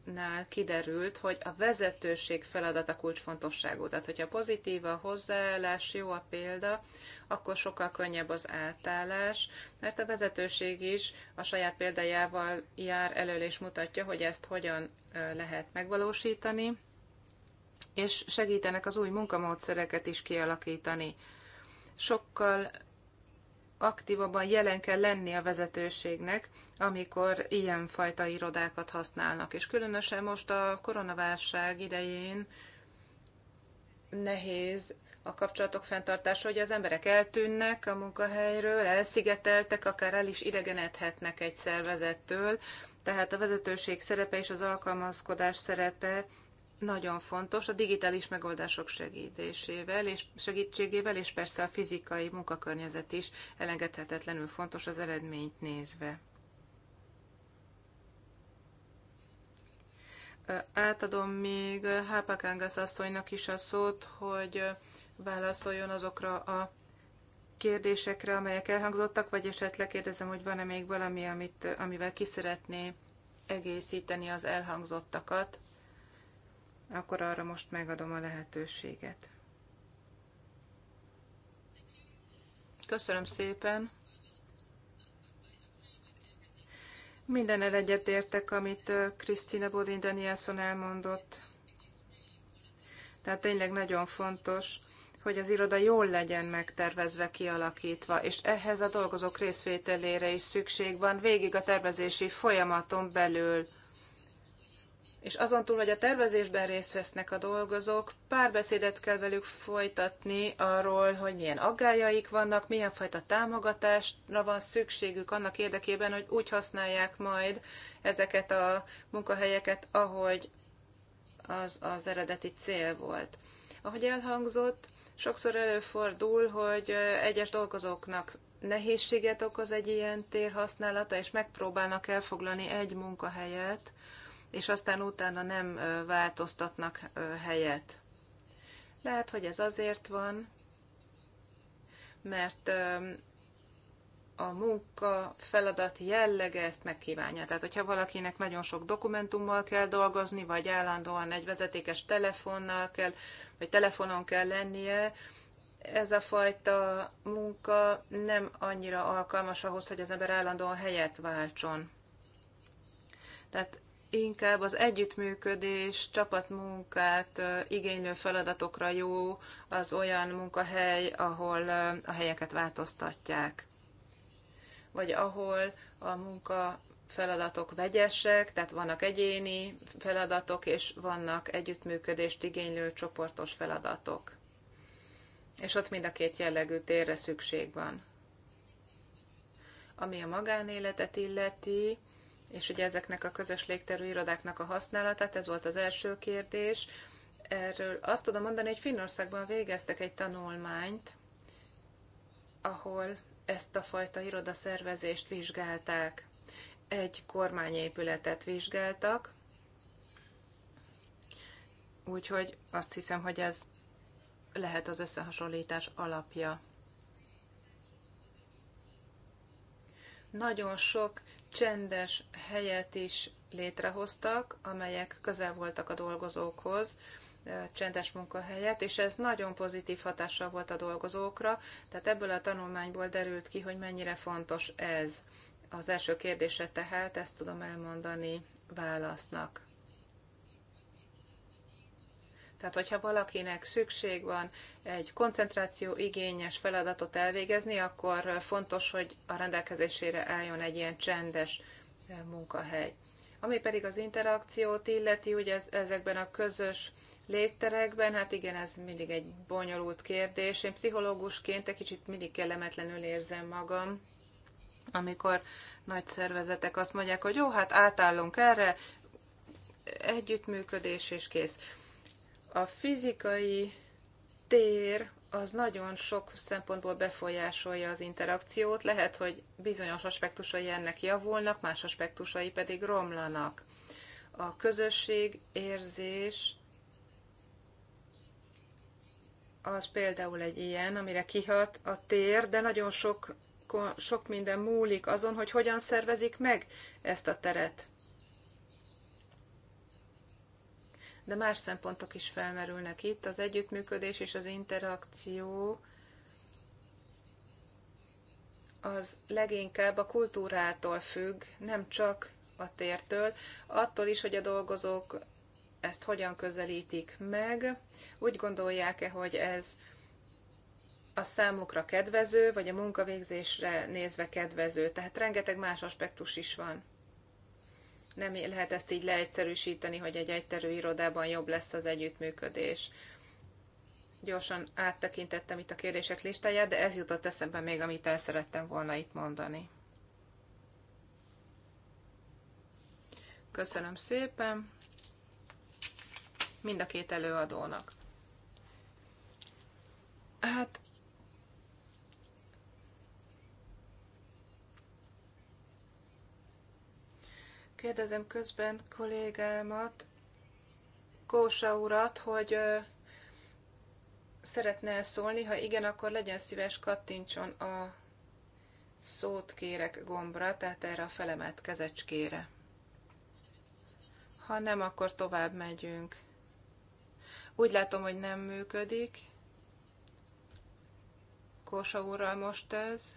nál kiderült, hogy a vezetőség feladata kulcsfontosságú. Tehát, hogyha pozitív a hozzáállás, jó a példa, akkor sokkal könnyebb az átállás, mert a vezetőség is a saját példájával jár elől és mutatja, hogy ezt hogyan lehet megvalósítani és segítenek az új munkamódszereket is kialakítani. Sokkal aktívabban jelen kell lenni a vezetőségnek, amikor ilyenfajta irodákat használnak. És különösen most a koronaválság idején nehéz a kapcsolatok fenntartása, hogy az emberek eltűnnek a munkahelyről, elszigeteltek, akár el is idegenedhetnek egy szervezettől, tehát a vezetőség szerepe és az alkalmazkodás szerepe nagyon fontos a digitális megoldások segítésével és segítségével, és persze a fizikai munkakörnyezet is elengedhetetlenül fontos az eredményt nézve. Átadom még Hápakángász asszonynak is a szót, hogy válaszoljon azokra a kérdésekre, amelyek elhangzottak, vagy esetleg kérdezem, hogy van-e még valami, amit, amivel ki szeretné egészíteni az elhangzottakat akkor arra most megadom a lehetőséget. Köszönöm szépen! egyet egyetértek, amit Krisztina Bodin Danielson elmondott. Tehát tényleg nagyon fontos, hogy az iroda jól legyen megtervezve, kialakítva, és ehhez a dolgozók részvételére is szükség van végig a tervezési folyamaton belül és azon túl, hogy a tervezésben részt vesznek a dolgozók, párbeszédet kell velük folytatni arról, hogy milyen aggájaik vannak, milyen fajta támogatásra van szükségük annak érdekében, hogy úgy használják majd ezeket a munkahelyeket, ahogy az az eredeti cél volt. Ahogy elhangzott, sokszor előfordul, hogy egyes dolgozóknak nehézséget okoz egy ilyen tér használata, és megpróbálnak elfoglalni egy munkahelyet, és aztán utána nem változtatnak helyet. Lehet, hogy ez azért van, mert a munka feladat jellege ezt megkívánja. Tehát, hogyha valakinek nagyon sok dokumentummal kell dolgozni, vagy állandóan egy vezetékes telefonnal kell, vagy telefonon kell lennie, ez a fajta munka nem annyira alkalmas ahhoz, hogy az ember állandóan helyet váltson. Tehát inkább az együttműködés, csapatmunkát igénylő feladatokra jó az olyan munkahely, ahol a helyeket változtatják, vagy ahol a munka feladatok vegyesek, tehát vannak egyéni feladatok, és vannak együttműködést igénylő csoportos feladatok. És ott mind a két jellegű térre szükség van. Ami a magánéletet illeti, és ugye ezeknek a közös légterű irodáknak a használatát, ez volt az első kérdés. Erről azt tudom mondani, hogy Finnországban végeztek egy tanulmányt, ahol ezt a fajta irodaszervezést vizsgálták. Egy kormányépületet vizsgáltak, úgyhogy azt hiszem, hogy ez lehet az összehasonlítás alapja. Nagyon sok csendes helyet is létrehoztak, amelyek közel voltak a dolgozókhoz, csendes munkahelyet, és ez nagyon pozitív hatással volt a dolgozókra, tehát ebből a tanulmányból derült ki, hogy mennyire fontos ez. Az első kérdése tehát ezt tudom elmondani válasznak. Tehát, hogyha valakinek szükség van egy koncentráció igényes feladatot elvégezni, akkor fontos, hogy a rendelkezésére álljon egy ilyen csendes eh, munkahely. Ami pedig az interakciót illeti, ugye ez, ezekben a közös légterekben, hát igen, ez mindig egy bonyolult kérdés. Én pszichológusként egy kicsit mindig kellemetlenül érzem magam, amikor nagy szervezetek azt mondják, hogy jó, hát átállunk erre, együttműködés és kész a fizikai tér az nagyon sok szempontból befolyásolja az interakciót. Lehet, hogy bizonyos aspektusai ennek javulnak, más aspektusai pedig romlanak. A közösség érzés az például egy ilyen, amire kihat a tér, de nagyon sok, sok minden múlik azon, hogy hogyan szervezik meg ezt a teret. de más szempontok is felmerülnek itt. Az együttműködés és az interakció az leginkább a kultúrától függ, nem csak a tértől, attól is, hogy a dolgozók ezt hogyan közelítik meg, úgy gondolják-e, hogy ez a számukra kedvező, vagy a munkavégzésre nézve kedvező. Tehát rengeteg más aspektus is van nem lehet ezt így leegyszerűsíteni, hogy egy egyterű irodában jobb lesz az együttműködés. Gyorsan áttekintettem itt a kérdések listáját, de ez jutott eszembe még, amit el szerettem volna itt mondani. Köszönöm szépen mind a két előadónak. Hát Kérdezem közben kollégámat, Kósa urat, hogy szeretne -e szólni, ha igen, akkor legyen szíves, kattintson a szót kérek gombra, tehát erre a felemelt kezecskére. Ha nem, akkor tovább megyünk. Úgy látom, hogy nem működik. Kósa úrral most ez.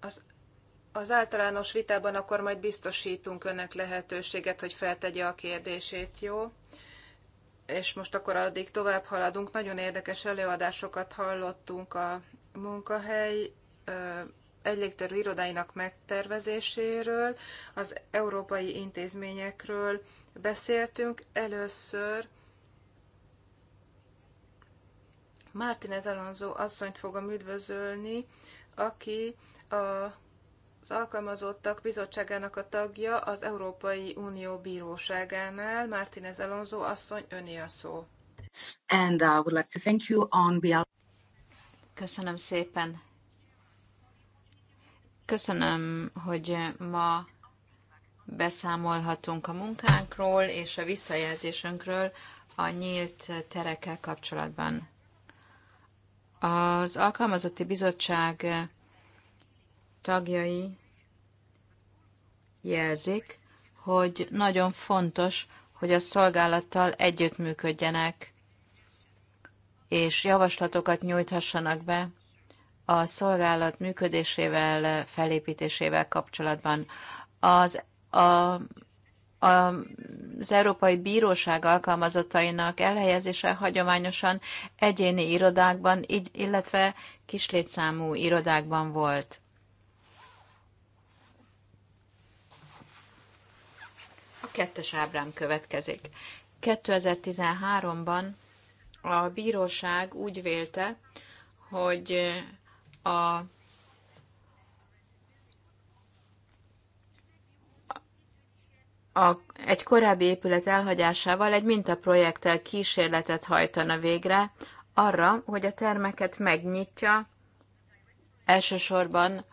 Az az általános vitában akkor majd biztosítunk önnek lehetőséget, hogy feltegye a kérdését, jó? És most akkor addig tovább haladunk. Nagyon érdekes előadásokat hallottunk a munkahely egylégterű irodáinak megtervezéséről, az európai intézményekről beszéltünk. Először Mártinez Alonso asszonyt fogom üdvözölni, aki a az alkalmazottak bizottságának a tagja az Európai Unió bíróságánál, Martínez Alonso asszony, öné a szó. And uh, I would like to thank you on behalf... Köszönöm szépen. Köszönöm, hogy ma beszámolhatunk a munkánkról és a visszajelzésünkről a nyílt terekkel kapcsolatban. Az Alkalmazotti Bizottság tagjai jelzik, hogy nagyon fontos, hogy a szolgálattal együttműködjenek, és javaslatokat nyújthassanak be a szolgálat működésével, felépítésével kapcsolatban. Az, a, a, az Európai Bíróság alkalmazottainak elhelyezése hagyományosan egyéni irodákban, illetve kislétszámú irodákban volt. kettes ábrám következik. 2013-ban a bíróság úgy vélte, hogy a a, egy korábbi épület elhagyásával egy mintaprojekttel kísérletet hajtana végre arra, hogy a termeket megnyitja elsősorban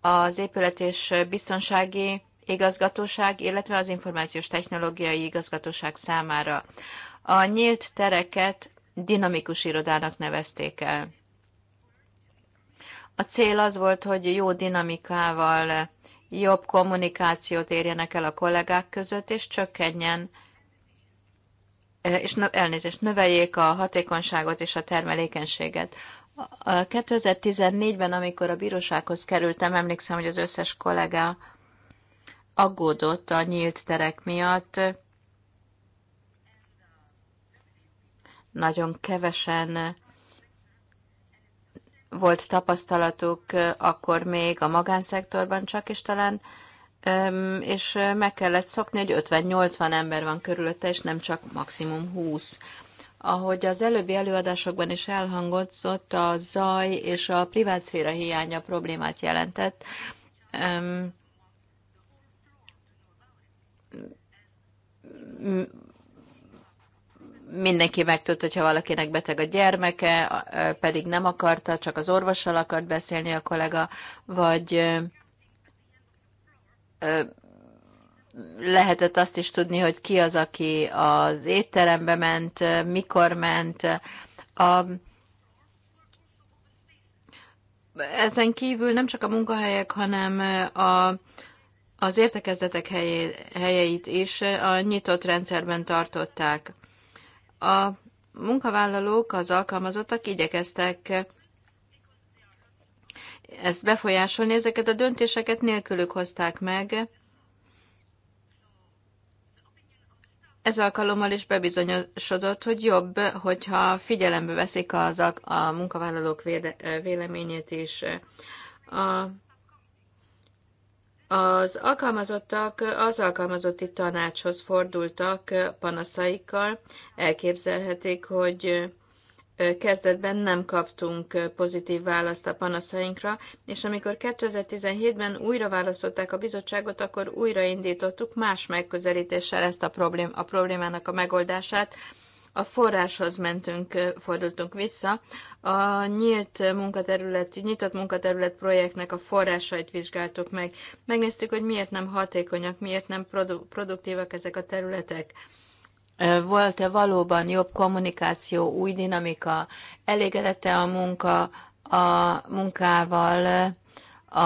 az épület és biztonsági igazgatóság, illetve az információs technológiai igazgatóság számára. A nyílt tereket dinamikus irodának nevezték el. A cél az volt, hogy jó dinamikával jobb kommunikációt érjenek el a kollégák között, és csökkenjen, és elnézést, növeljék a hatékonyságot és a termelékenységet. 2014-ben, amikor a bírósághoz kerültem, emlékszem, hogy az összes kollega aggódott a nyílt terek miatt. Nagyon kevesen volt tapasztalatuk akkor még a magánszektorban csak, is talán és meg kellett szokni, hogy 50-80 ember van körülötte, és nem csak maximum 20. Ahogy az előbbi előadásokban is elhangzott, a zaj és a privátszféra hiánya problémát jelentett mindenki megtudta, hogyha valakinek beteg a gyermeke, pedig nem akarta, csak az orvossal akart beszélni a kollega, vagy lehetett azt is tudni, hogy ki az, aki az étterembe ment, mikor ment. A, ezen kívül nem csak a munkahelyek, hanem a, az értekezletek helyeit is a nyitott rendszerben tartották. A munkavállalók, az alkalmazottak igyekeztek ezt befolyásolni, ezeket a döntéseket nélkülük hozták meg. Ez alkalommal is bebizonyosodott, hogy jobb, hogyha figyelembe veszik az a, a munkavállalók véde, véleményét is. A az alkalmazottak az alkalmazotti tanácshoz fordultak panaszaikkal, elképzelhetik, hogy kezdetben nem kaptunk pozitív választ a panaszainkra, és amikor 2017-ben újra választották a bizottságot, akkor újraindítottuk más megközelítéssel ezt a, problém, a problémának a megoldását, a forráshoz mentünk, fordultunk vissza. A nyílt munkaterület, nyitott munkaterület projektnek a forrásait vizsgáltuk meg. Megnéztük, hogy miért nem hatékonyak, miért nem produ- produktívak ezek a területek. Volt-e valóban jobb kommunikáció, új dinamika? Elégedette a munka a munkával a,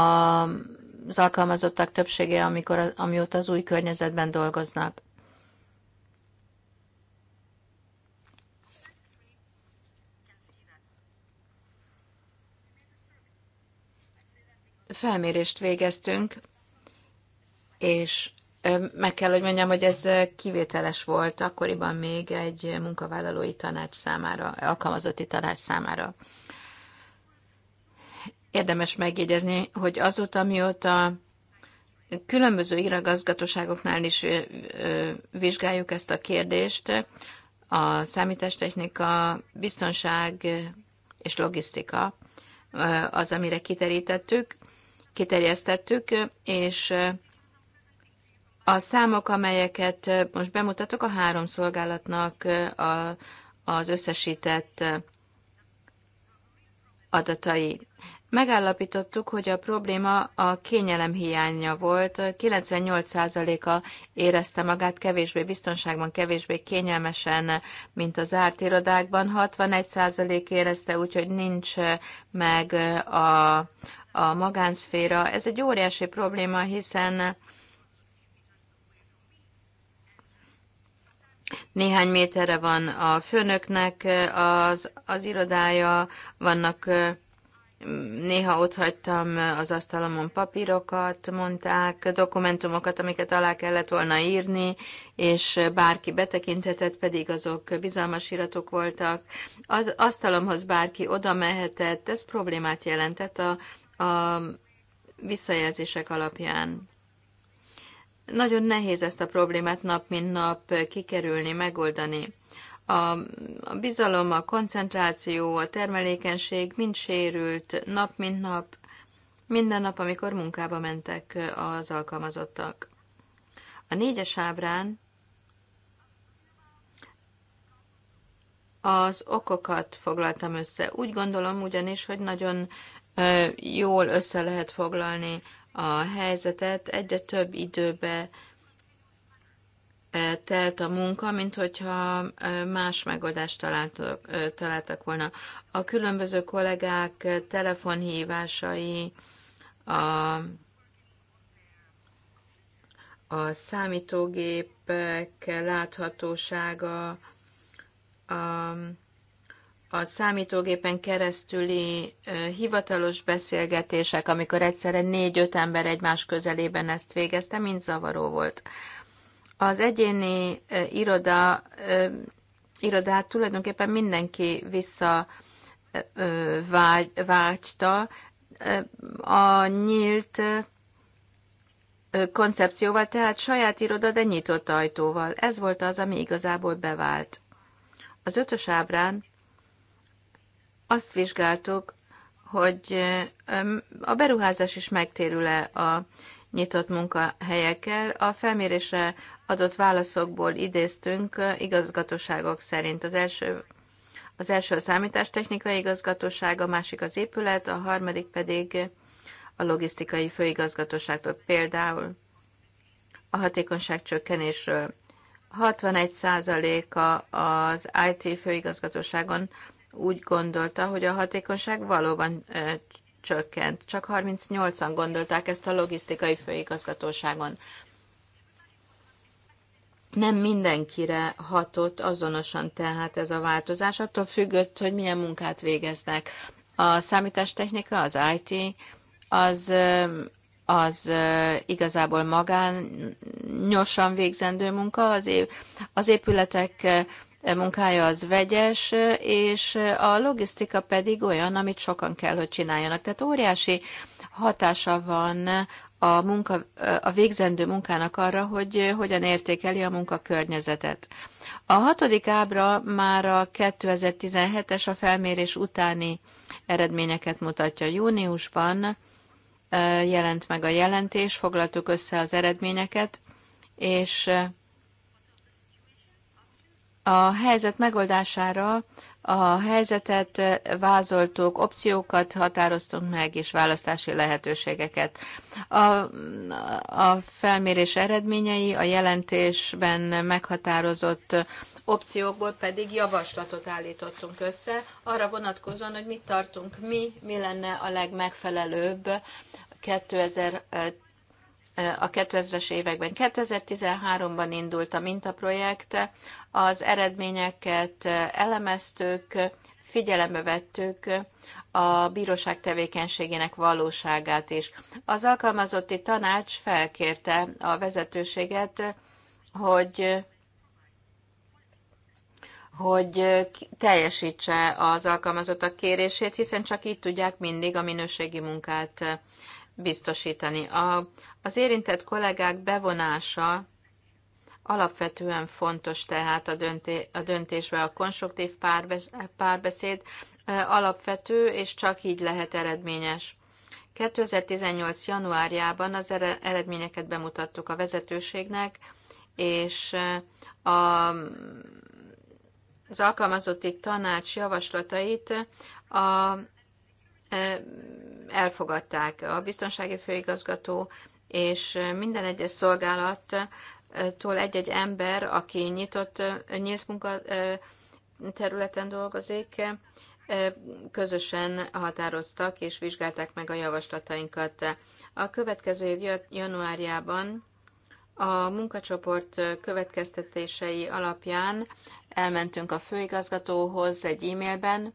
az alkalmazottak többsége, amikor, amióta az új környezetben dolgoznak? felmérést végeztünk, és meg kell, hogy mondjam, hogy ez kivételes volt akkoriban még egy munkavállalói tanács számára, alkalmazotti tanács számára. Érdemes megjegyezni, hogy azóta, mióta különböző iragazgatóságoknál is vizsgáljuk ezt a kérdést, a számítástechnika, biztonság és logisztika az, amire kiterítettük, kiterjesztettük, és a számok, amelyeket most bemutatok, a három szolgálatnak a, az összesített adatai. Megállapítottuk, hogy a probléma a kényelem hiánya volt. 98%-a érezte magát kevésbé biztonságban, kevésbé kényelmesen, mint az zárt irodákban. 61% érezte úgy, hogy nincs meg a, a magánszféra. Ez egy óriási probléma, hiszen néhány méterre van a főnöknek az, az irodája, vannak Néha ott hagytam az asztalomon papírokat, mondták, dokumentumokat, amiket alá kellett volna írni, és bárki betekinthetett, pedig azok bizalmas iratok voltak. Az asztalomhoz bárki oda mehetett, ez problémát jelentett a, a visszajelzések alapján. Nagyon nehéz ezt a problémát nap mint nap kikerülni, megoldani a, a bizalom, a koncentráció, a termelékenység mind sérült nap mint nap, minden nap, amikor munkába mentek az alkalmazottak. A négyes ábrán az okokat foglaltam össze. Úgy gondolom ugyanis, hogy nagyon jól össze lehet foglalni a helyzetet, egyre több időbe telt a munka, mint hogyha más megoldást találtak, találtak volna. A különböző kollégák telefonhívásai, a, a számítógépek láthatósága, a, a számítógépen keresztüli hivatalos beszélgetések, amikor egyszerre négy-öt ember egymás közelében ezt végezte, mind zavaró volt. Az egyéni iroda, irodát tulajdonképpen mindenki vissza vágy, vágyta a nyílt koncepcióval, tehát saját iroda, de nyitott ajtóval. Ez volt az, ami igazából bevált. Az ötös ábrán azt vizsgáltuk, hogy a beruházás is megtérül-e a nyitott munkahelyekkel. A felmérésre adott válaszokból idéztünk igazgatóságok szerint. Az első, az első a számítástechnikai igazgatóság, a másik az épület, a harmadik pedig a logisztikai főigazgatóságtól például a hatékonyság csökkenésről. 61%-a az IT főigazgatóságon úgy gondolta, hogy a hatékonyság valóban ö, csökkent. Csak 38-an gondolták ezt a logisztikai főigazgatóságon. Nem mindenkire hatott azonosan tehát ez a változás, attól függött, hogy milyen munkát végeznek. A számítástechnika, az IT, az, az igazából magányosan végzendő munka, az, é- az épületek munkája az vegyes, és a logisztika pedig olyan, amit sokan kell, hogy csináljanak. Tehát óriási hatása van a, munka, a végzendő munkának arra, hogy hogyan értékeli a munkakörnyezetet. A hatodik ábra már a 2017-es a felmérés utáni eredményeket mutatja. Júniusban jelent meg a jelentés, foglaltuk össze az eredményeket, és a helyzet megoldására a helyzetet vázoltuk, opciókat határoztunk meg, és választási lehetőségeket. A, a felmérés eredményei a jelentésben meghatározott opciókból pedig javaslatot állítottunk össze, arra vonatkozóan, hogy mit tartunk mi, mi lenne a legmegfelelőbb 2000 a 2000-es években. 2013-ban indult a mintaprojekt, az eredményeket elemeztük, figyelembe vettük a bíróság tevékenységének valóságát is. Az alkalmazotti tanács felkérte a vezetőséget, hogy hogy teljesítse az alkalmazottak kérését, hiszen csak így tudják mindig a minőségi munkát biztosítani. A, az érintett kollégák bevonása alapvetően fontos tehát a, dönté, a döntésbe a konstruktív párbeszéd alapvető, és csak így lehet eredményes. 2018. januárjában az eredményeket bemutattuk a vezetőségnek, és a, az alkalmazotti tanács javaslatait a elfogadták a biztonsági főigazgató, és minden egyes szolgálattól egy-egy ember, aki nyitott, nyílt munka területen dolgozik, közösen határoztak és vizsgálták meg a javaslatainkat. A következő év januárjában a munkacsoport következtetései alapján elmentünk a főigazgatóhoz egy e-mailben,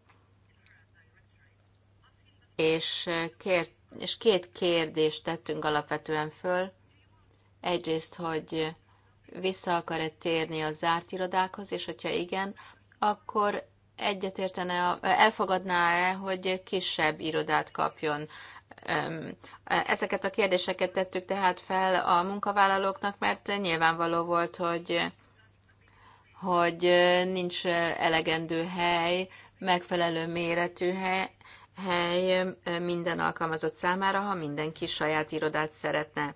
és, eh, kér, és két kérdést tettünk alapvetően föl. Egyrészt, hogy vissza akar-e térni a zárt irodákhoz, és hogyha igen, akkor egyetértene, elfogadná-e, hogy kisebb irodát kapjon. Ezeket a kérdéseket tettük tehát fel a munkavállalóknak, mert nyilvánvaló volt, hogy, hogy nincs elegendő hely, megfelelő méretű hely, hely minden alkalmazott számára, ha mindenki saját irodát szeretne.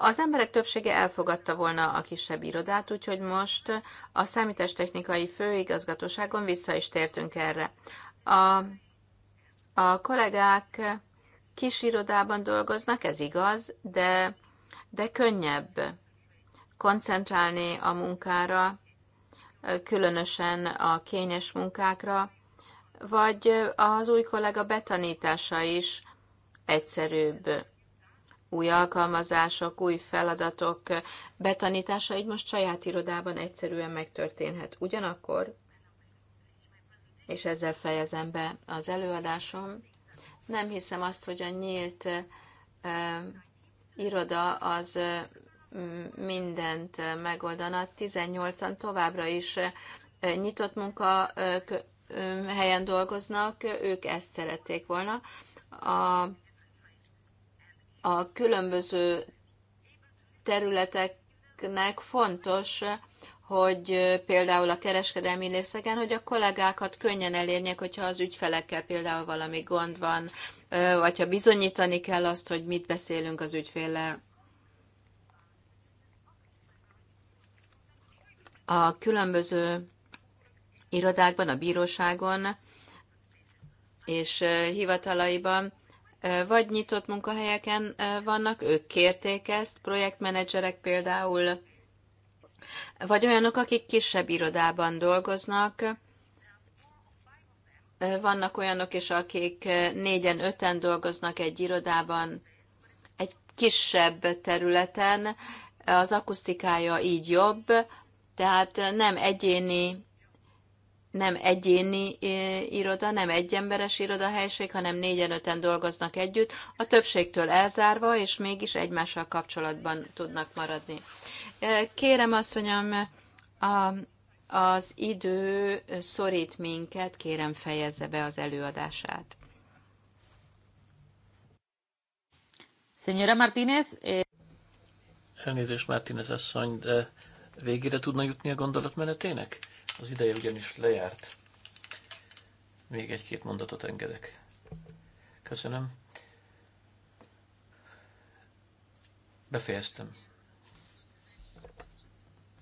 Az emberek többsége elfogadta volna a kisebb irodát, úgyhogy most a számítástechnikai főigazgatóságon vissza is tértünk erre. A, a kollégák kis irodában dolgoznak, ez igaz, de, de könnyebb koncentrálni a munkára, különösen a kényes munkákra, vagy az új kollega betanítása is egyszerűbb. Új alkalmazások, új feladatok betanítása így most saját irodában egyszerűen megtörténhet. Ugyanakkor, és ezzel fejezem be az előadásom, nem hiszem azt, hogy a nyílt iroda az mindent megoldana. 18-an továbbra is nyitott munka helyen dolgoznak, ők ezt szerették volna. A, a különböző területeknek fontos, hogy például a kereskedelmi részeken, hogy a kollégákat könnyen elérjek, hogyha az ügyfelekkel például valami gond van, vagy ha bizonyítani kell azt, hogy mit beszélünk az ügyféllel. A különböző irodákban, a bíróságon és hivatalaiban, vagy nyitott munkahelyeken vannak, ők kérték ezt, projektmenedzserek például, vagy olyanok, akik kisebb irodában dolgoznak, vannak olyanok is, akik négyen, öten dolgoznak egy irodában, egy kisebb területen, az akusztikája így jobb, tehát nem egyéni nem egyéni iroda, nem egyemberes irodahelység, hanem négyen-öten dolgoznak együtt, a többségtől elzárva, és mégis egymással kapcsolatban tudnak maradni. Kérem, asszonyom, a, az idő szorít minket, kérem fejezze be az előadását. Señora Martínez. Eh... Elnézést, Martínez asszony, de végére tudna jutni a gondolatmenetének? Az ideje ugyanis lejárt. Még egy-két mondatot engedek. Köszönöm. Befejeztem.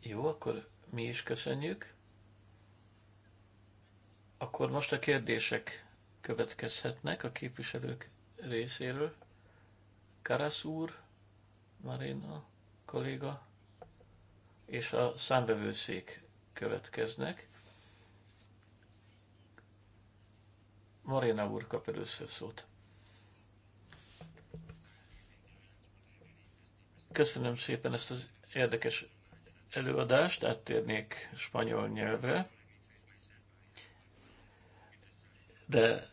Jó, akkor mi is köszönjük. Akkor most a kérdések következhetnek a képviselők részéről. Karasz úr, Marina kolléga és a számbevőszék következnek. Marina úr kap először szót. Köszönöm szépen ezt az érdekes előadást, áttérnék spanyol nyelvre, de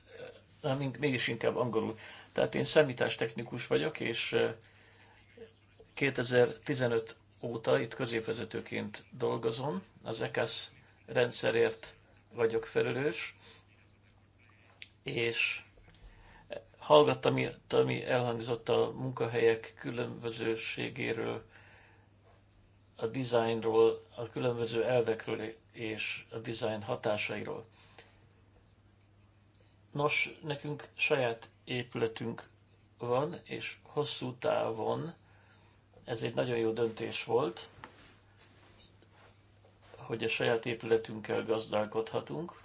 mégis inkább angolul. Tehát én számítástechnikus vagyok, és 2015 eh, óta itt középvezetőként dolgozom, az ECAS rendszerért vagyok felelős, és hallgattam, ami elhangzott a munkahelyek különbözőségéről, a designról, a különböző elvekről és a design hatásairól. Nos, nekünk saját épületünk van, és hosszú távon ez egy nagyon jó döntés volt, hogy a saját épületünkkel gazdálkodhatunk.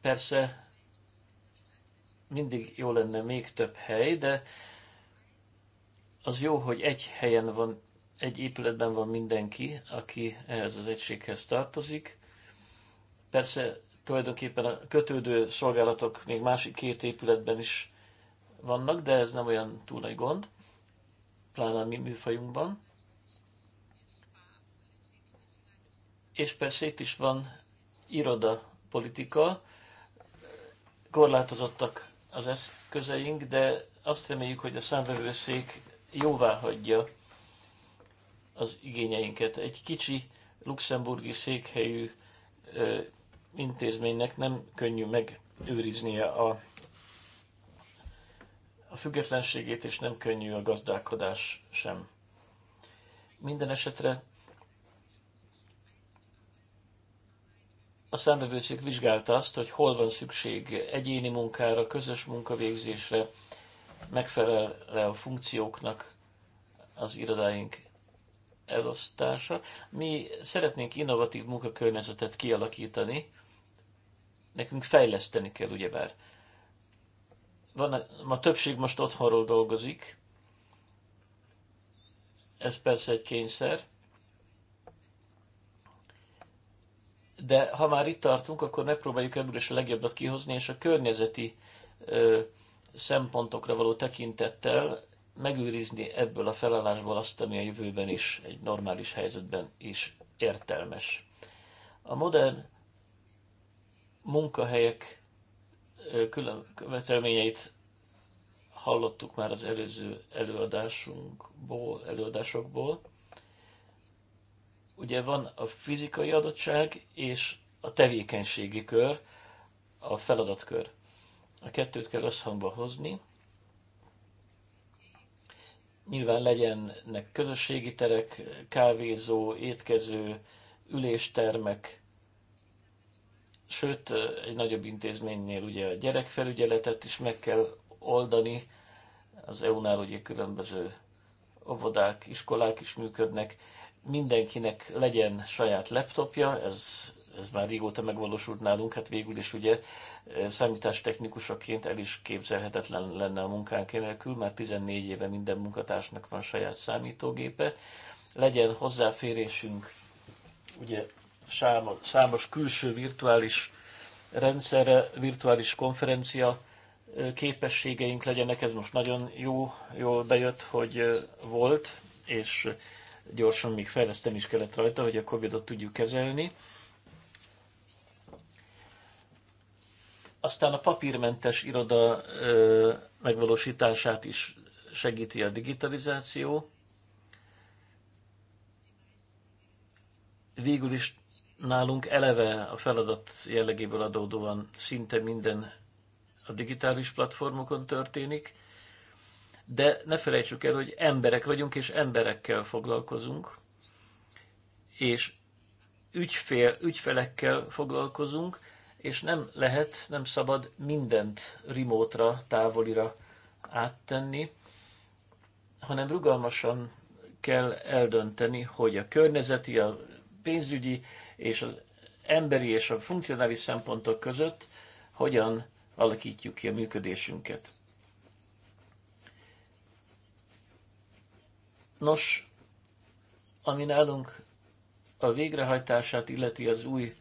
Persze mindig jó lenne még több hely, de az jó, hogy egy helyen van, egy épületben van mindenki, aki ehhez az egységhez tartozik. Persze tulajdonképpen a kötődő szolgálatok még másik két épületben is vannak, de ez nem olyan túl nagy gond, pláne a mi műfajunkban. És persze itt is van iroda politika, korlátozottak az eszközeink, de azt reméljük, hogy a számvevőszék jóvá hagyja az igényeinket. Egy kicsi luxemburgi székhelyű ö, intézménynek nem könnyű megőriznie a függetlenségét, és nem könnyű a gazdálkodás sem. Minden esetre a számbevőszék vizsgálta azt, hogy hol van szükség egyéni munkára, közös munkavégzésre, megfelel-e a funkcióknak az irodáink elosztása. Mi szeretnénk innovatív munkakörnyezetet kialakítani, nekünk fejleszteni kell ugyebár van, a többség most otthonról dolgozik, ez persze egy kényszer, de ha már itt tartunk, akkor megpróbáljuk ebből is a legjobbat kihozni, és a környezeti ö, szempontokra való tekintettel megőrizni ebből a felállásból azt, ami a jövőben is, egy normális helyzetben is értelmes. A modern munkahelyek külön követelményeit hallottuk már az előző előadásunkból, előadásokból. Ugye van a fizikai adottság és a tevékenységi kör, a feladatkör. A kettőt kell összhangba hozni. Nyilván legyenek közösségi terek, kávézó, étkező, üléstermek, Sőt, egy nagyobb intézménynél ugye a gyerekfelügyeletet is meg kell oldani, az EU-nál ugye különböző óvodák, iskolák is működnek, mindenkinek legyen saját laptopja, ez, ez már régóta megvalósult nálunk, hát végül is ugye számítástechnikusaként el is képzelhetetlen lenne a munkánk nélkül, mert 14 éve minden munkatársnak van saját számítógépe, legyen hozzáférésünk ugye számos külső virtuális rendszerre, virtuális konferencia képességeink legyenek. Ez most nagyon jó, jól bejött, hogy volt, és gyorsan még fejleszteni is kellett rajta, hogy a Covid-ot tudjuk kezelni. Aztán a papírmentes iroda megvalósítását is segíti a digitalizáció. Végül is nálunk eleve a feladat jellegéből adódóan szinte minden a digitális platformokon történik, de ne felejtsük el, hogy emberek vagyunk, és emberekkel foglalkozunk, és ügyfél, ügyfelekkel foglalkozunk, és nem lehet, nem szabad mindent remote távolira áttenni, hanem rugalmasan kell eldönteni, hogy a környezeti, a pénzügyi, és az emberi és a funkcionális szempontok között hogyan alakítjuk ki a működésünket. Nos, ami nálunk a végrehajtását illeti az új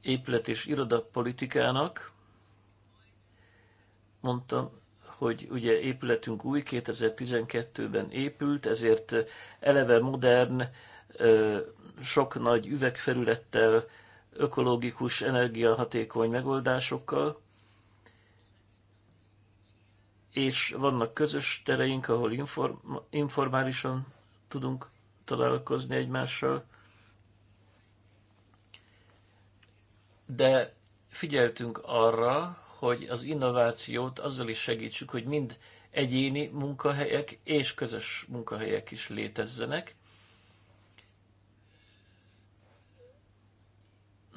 épület és irodapolitikának, mondtam, hogy ugye épületünk új, 2012-ben épült, ezért eleve modern, sok nagy üvegfelülettel, ökológikus, energiahatékony megoldásokkal, és vannak közös tereink, ahol inform, informálisan tudunk találkozni egymással, de figyeltünk arra, hogy az innovációt azzal is segítsük, hogy mind egyéni munkahelyek és közös munkahelyek is létezzenek,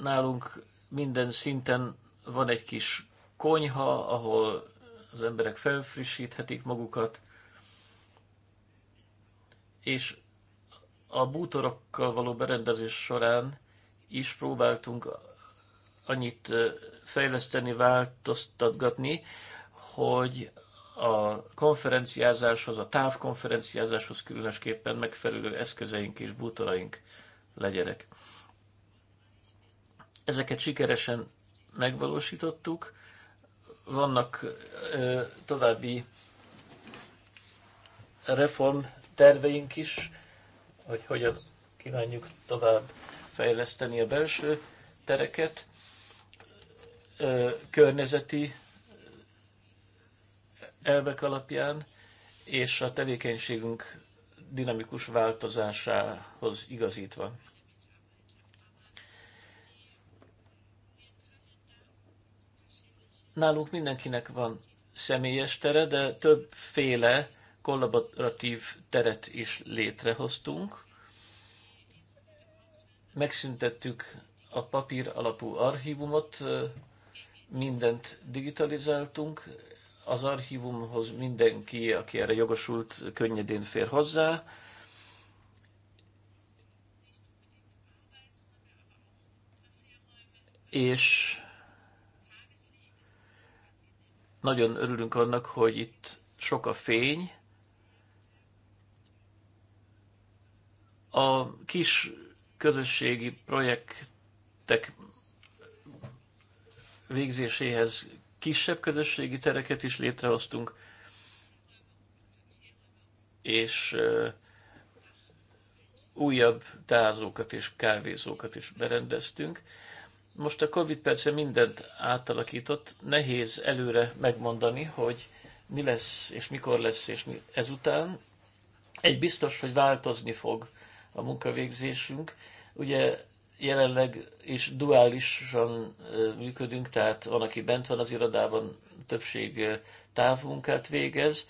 nálunk minden szinten van egy kis konyha, ahol az emberek felfrissíthetik magukat, és a bútorokkal való berendezés során is próbáltunk annyit fejleszteni, változtatgatni, hogy a konferenciázáshoz, a távkonferenciázáshoz különösképpen megfelelő eszközeink és bútoraink legyenek. Ezeket sikeresen megvalósítottuk. Vannak ö, további reform terveink is, hogy hogyan kívánjuk tovább fejleszteni a belső tereket, ö, környezeti elvek alapján, és a tevékenységünk dinamikus változásához igazítva. nálunk mindenkinek van személyes tere, de többféle kollaboratív teret is létrehoztunk. Megszüntettük a papír alapú archívumot, mindent digitalizáltunk, az archívumhoz mindenki, aki erre jogosult, könnyedén fér hozzá. És nagyon örülünk annak, hogy itt sok a fény. A kis közösségi projektek végzéséhez kisebb közösségi tereket is létrehoztunk, és újabb tázókat és kávézókat is berendeztünk. Most a Covid persze mindent átalakított, nehéz előre megmondani, hogy mi lesz, és mikor lesz, és mi ezután. Egy biztos, hogy változni fog a munkavégzésünk. Ugye jelenleg is duálisan működünk, tehát van, aki bent van az irodában, többség távmunkát végez.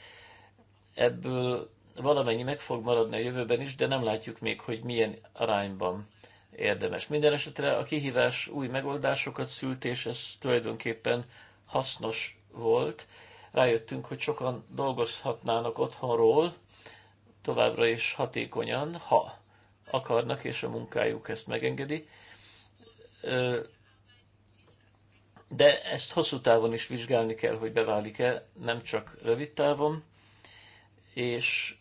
Ebből valamennyi meg fog maradni a jövőben is, de nem látjuk még, hogy milyen arányban érdemes. Minden esetre a kihívás új megoldásokat szült, és ez tulajdonképpen hasznos volt. Rájöttünk, hogy sokan dolgozhatnának otthonról, továbbra is hatékonyan, ha akarnak, és a munkájuk ezt megengedi. De ezt hosszú távon is vizsgálni kell, hogy beválik-e, nem csak rövid távon, és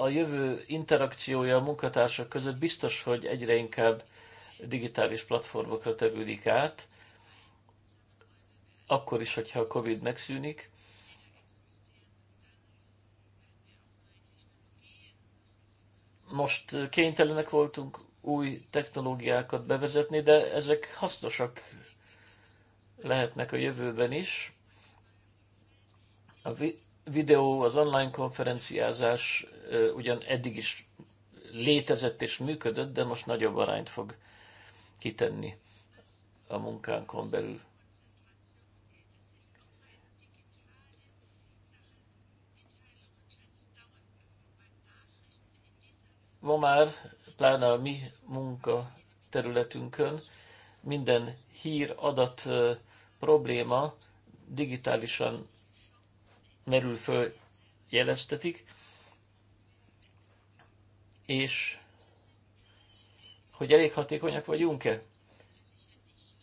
a jövő interakciója a munkatársak között biztos, hogy egyre inkább digitális platformokra tevődik át, akkor is, hogyha a Covid megszűnik. Most kénytelenek voltunk új technológiákat bevezetni, de ezek hasznosak lehetnek a jövőben is. A videó, az online konferenciázás ugyan eddig is létezett és működött, de most nagyobb arányt fog kitenni a munkánkon belül. Ma már, pláne a mi munka területünkön, minden hír, adat probléma digitálisan merül föl, jeleztetik, és hogy elég hatékonyak vagyunk-e?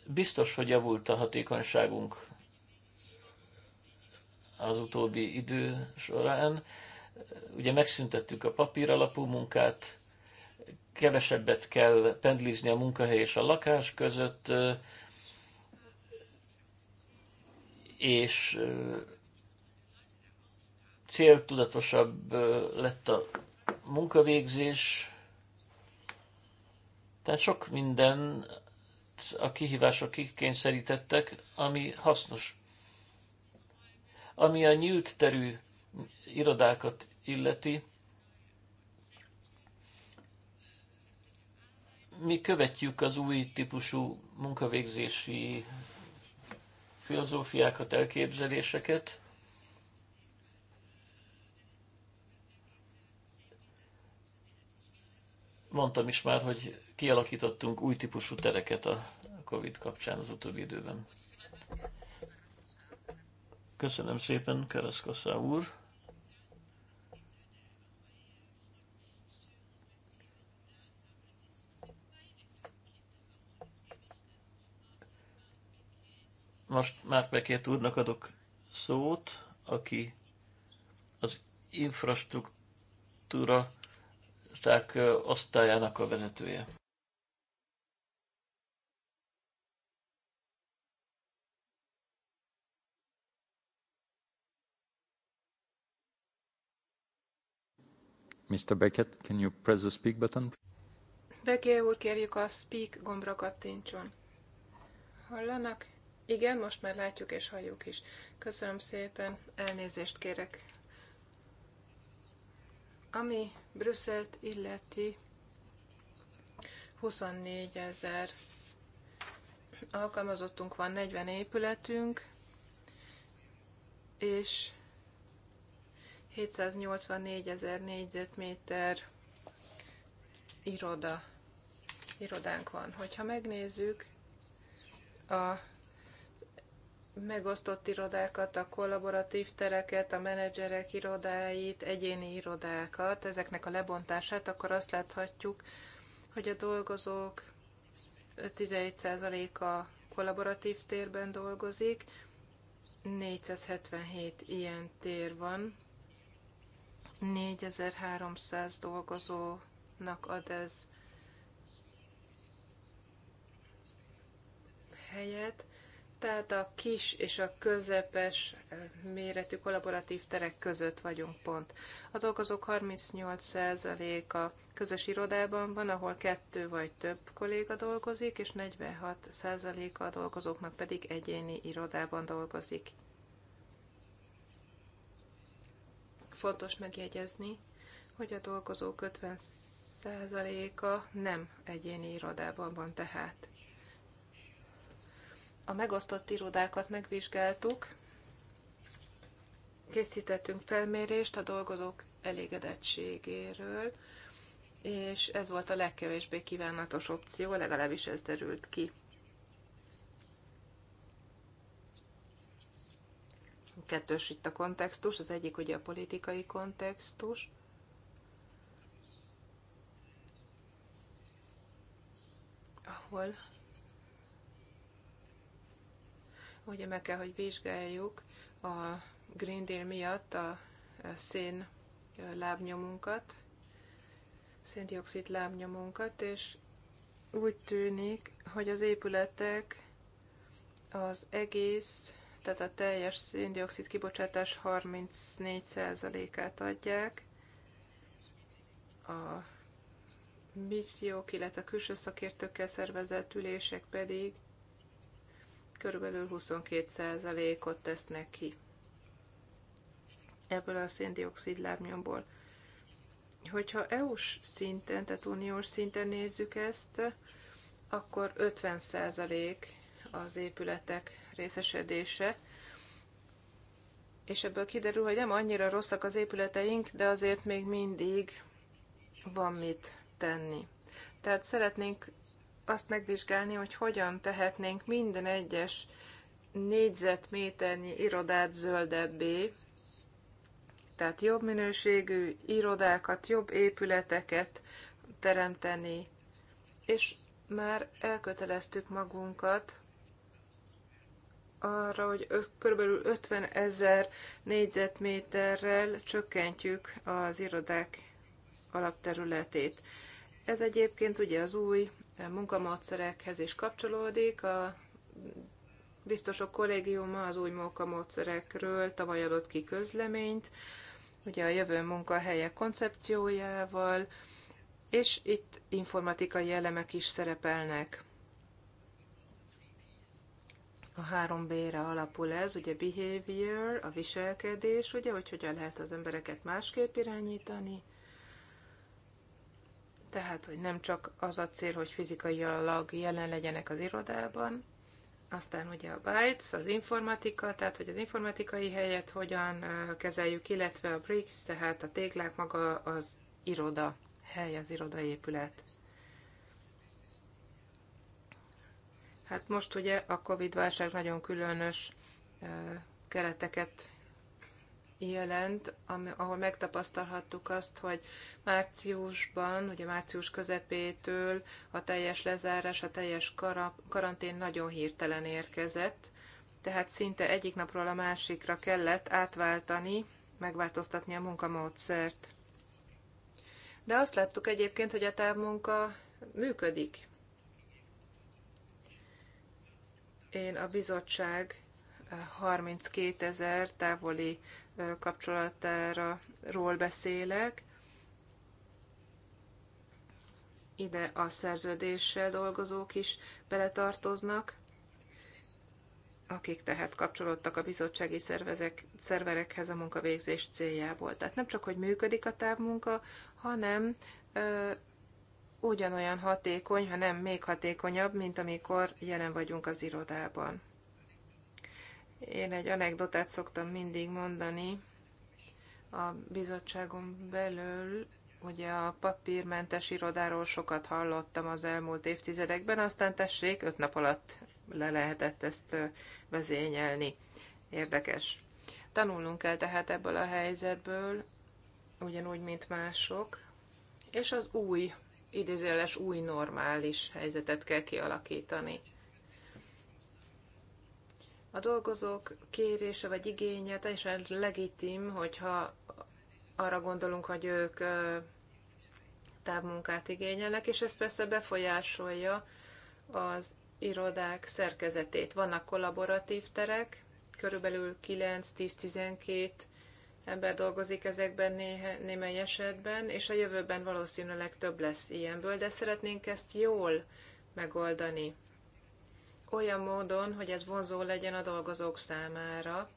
Biztos, hogy javult a hatékonyságunk az utóbbi idő során. Ugye megszüntettük a papír alapú munkát, kevesebbet kell pendlizni a munkahely és a lakás között, és céltudatosabb lett a munkavégzés, tehát sok minden a kihívások kikényszerítettek, ami hasznos. Ami a nyílt terű irodákat illeti, mi követjük az új típusú munkavégzési filozófiákat, elképzeléseket, mondtam is már, hogy kialakítottunk új típusú tereket a COVID kapcsán az utóbbi időben. Köszönöm szépen, Kereszkaszá úr! Most már Pekét úrnak adok szót, aki az infrastruktúra turisták osztályának a vezetője. Mr. Beckett, can you press the speak button? Beckett úr, kérjük a speak gombra kattintson. Hallanak? Igen, most már látjuk és halljuk is. Köszönöm szépen, elnézést kérek ami Brüsszelt illeti, 24 ezer alkalmazottunk van, 40 épületünk, és 784 ezer négyzetméter iroda, irodánk van. Hogyha megnézzük a megosztott irodákat, a kollaboratív tereket, a menedzserek irodáit, egyéni irodákat, ezeknek a lebontását, akkor azt láthatjuk, hogy a dolgozók 11%-a kollaboratív térben dolgozik, 477 ilyen tér van, 4300 dolgozónak ad ez helyet, tehát a kis és a közepes eh, méretű kollaboratív terek között vagyunk pont. A dolgozók 38%-a közös irodában van, ahol kettő vagy több kolléga dolgozik, és 46%-a a dolgozóknak pedig egyéni irodában dolgozik. Fontos megjegyezni, hogy a dolgozók 50%-a nem egyéni irodában van tehát. A megosztott irodákat megvizsgáltuk, készítettünk felmérést a dolgozók elégedettségéről, és ez volt a legkevésbé kívánatos opció, legalábbis ez derült ki. Kettős itt a kontextus, az egyik ugye a politikai kontextus. Ahol ugye meg kell, hogy vizsgáljuk a Green Deal miatt a szén lábnyomunkat, széndiokszid lábnyomunkat, és úgy tűnik, hogy az épületek az egész, tehát a teljes széndiokszid kibocsátás 34%-át adják. A missziók, illetve a külső szakértőkkel szervezett ülések pedig körülbelül 22%-ot tesznek ki ebből a széndiokszid lábnyomból. Hogyha EU-s szinten, tehát uniós szinten nézzük ezt, akkor 50% az épületek részesedése, és ebből kiderül, hogy nem annyira rosszak az épületeink, de azért még mindig van mit tenni. Tehát szeretnénk azt megvizsgálni, hogy hogyan tehetnénk minden egyes négyzetméternyi irodát zöldebbé, tehát jobb minőségű irodákat, jobb épületeket teremteni. És már elköteleztük magunkat arra, hogy kb. 50 ezer négyzetméterrel csökkentjük az irodák alapterületét. Ez egyébként ugye az új munkamódszerekhez is kapcsolódik. A biztosok kollégiuma az új munkamódszerekről tavaly adott ki közleményt, ugye a jövő munkahelye koncepciójával, és itt informatikai elemek is szerepelnek. A 3B-re alapul ez, ugye behavior, a viselkedés, ugye, hogy hogyan lehet az embereket másképp irányítani, tehát, hogy nem csak az a cél, hogy fizikailag jelen legyenek az irodában, aztán ugye a bytes, az informatika, tehát hogy az informatikai helyet hogyan kezeljük, illetve a bricks, tehát a téglák maga az iroda hely, az irodaépület. Hát most ugye a Covid-válság nagyon különös kereteket jelent, ahol megtapasztalhattuk azt, hogy márciusban, ugye március közepétől a teljes lezárás, a teljes karantén nagyon hirtelen érkezett, tehát szinte egyik napról a másikra kellett átváltani, megváltoztatni a munkamódszert. De azt láttuk egyébként, hogy a távmunka működik. Én a bizottság 32 ezer távoli kapcsolatára ról beszélek. Ide a szerződéssel dolgozók is beletartoznak, akik tehát kapcsolódtak a bizottsági szervezek, szerverekhez a munkavégzés céljából. Tehát nem csak, hogy működik a távmunka, hanem ö, ugyanolyan hatékony, hanem még hatékonyabb, mint amikor jelen vagyunk az irodában. Én egy anekdotát szoktam mindig mondani a bizottságon belül, Ugye a papírmentes irodáról sokat hallottam az elmúlt évtizedekben, aztán tessék, öt nap alatt le lehetett ezt vezényelni. Érdekes. Tanulnunk kell tehát ebből a helyzetből, ugyanúgy, mint mások, és az új, idézőjeles új normális helyzetet kell kialakítani. A dolgozók kérése vagy igénye teljesen legitim, hogyha arra gondolunk, hogy ők távmunkát igényelnek, és ez persze befolyásolja az irodák szerkezetét. Vannak kollaboratív terek, körülbelül 9-10-12 ember dolgozik ezekben néhe, némely esetben, és a jövőben valószínűleg több lesz ilyenből, de szeretnénk ezt jól megoldani olyan módon, hogy ez vonzó legyen a dolgozók számára,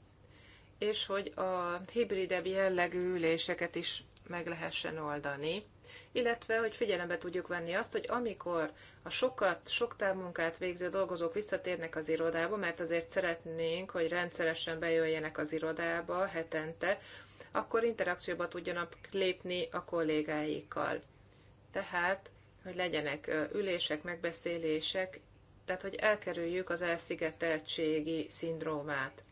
és hogy a hibridebb jellegű üléseket is meg lehessen oldani, illetve hogy figyelembe tudjuk venni azt, hogy amikor a sokat, sok távmunkát végző dolgozók visszatérnek az irodába, mert azért szeretnénk, hogy rendszeresen bejöjjenek az irodába hetente, akkor interakcióba tudjanak lépni a kollégáikkal. Tehát, hogy legyenek ülések, megbeszélések, tehát hogy elkerüljük az elszigeteltségi szindrómát.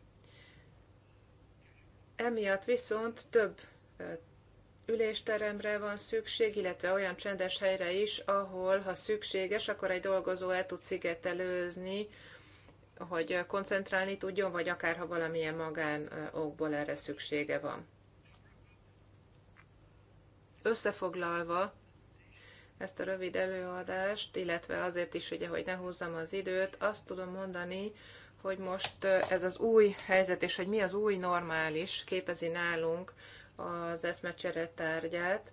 Emiatt viszont több ülésteremre van szükség, illetve olyan csendes helyre is, ahol, ha szükséges, akkor egy dolgozó el tud szigetelőzni, hogy koncentrálni tudjon, vagy akár ha valamilyen magán okból erre szüksége van. Összefoglalva, ezt a rövid előadást, illetve azért is, ugye, hogy ne húzzam az időt, azt tudom mondani, hogy most eh, ez az új helyzet, és hogy mi az új normális képezi nálunk az eszmecsere tárgyát,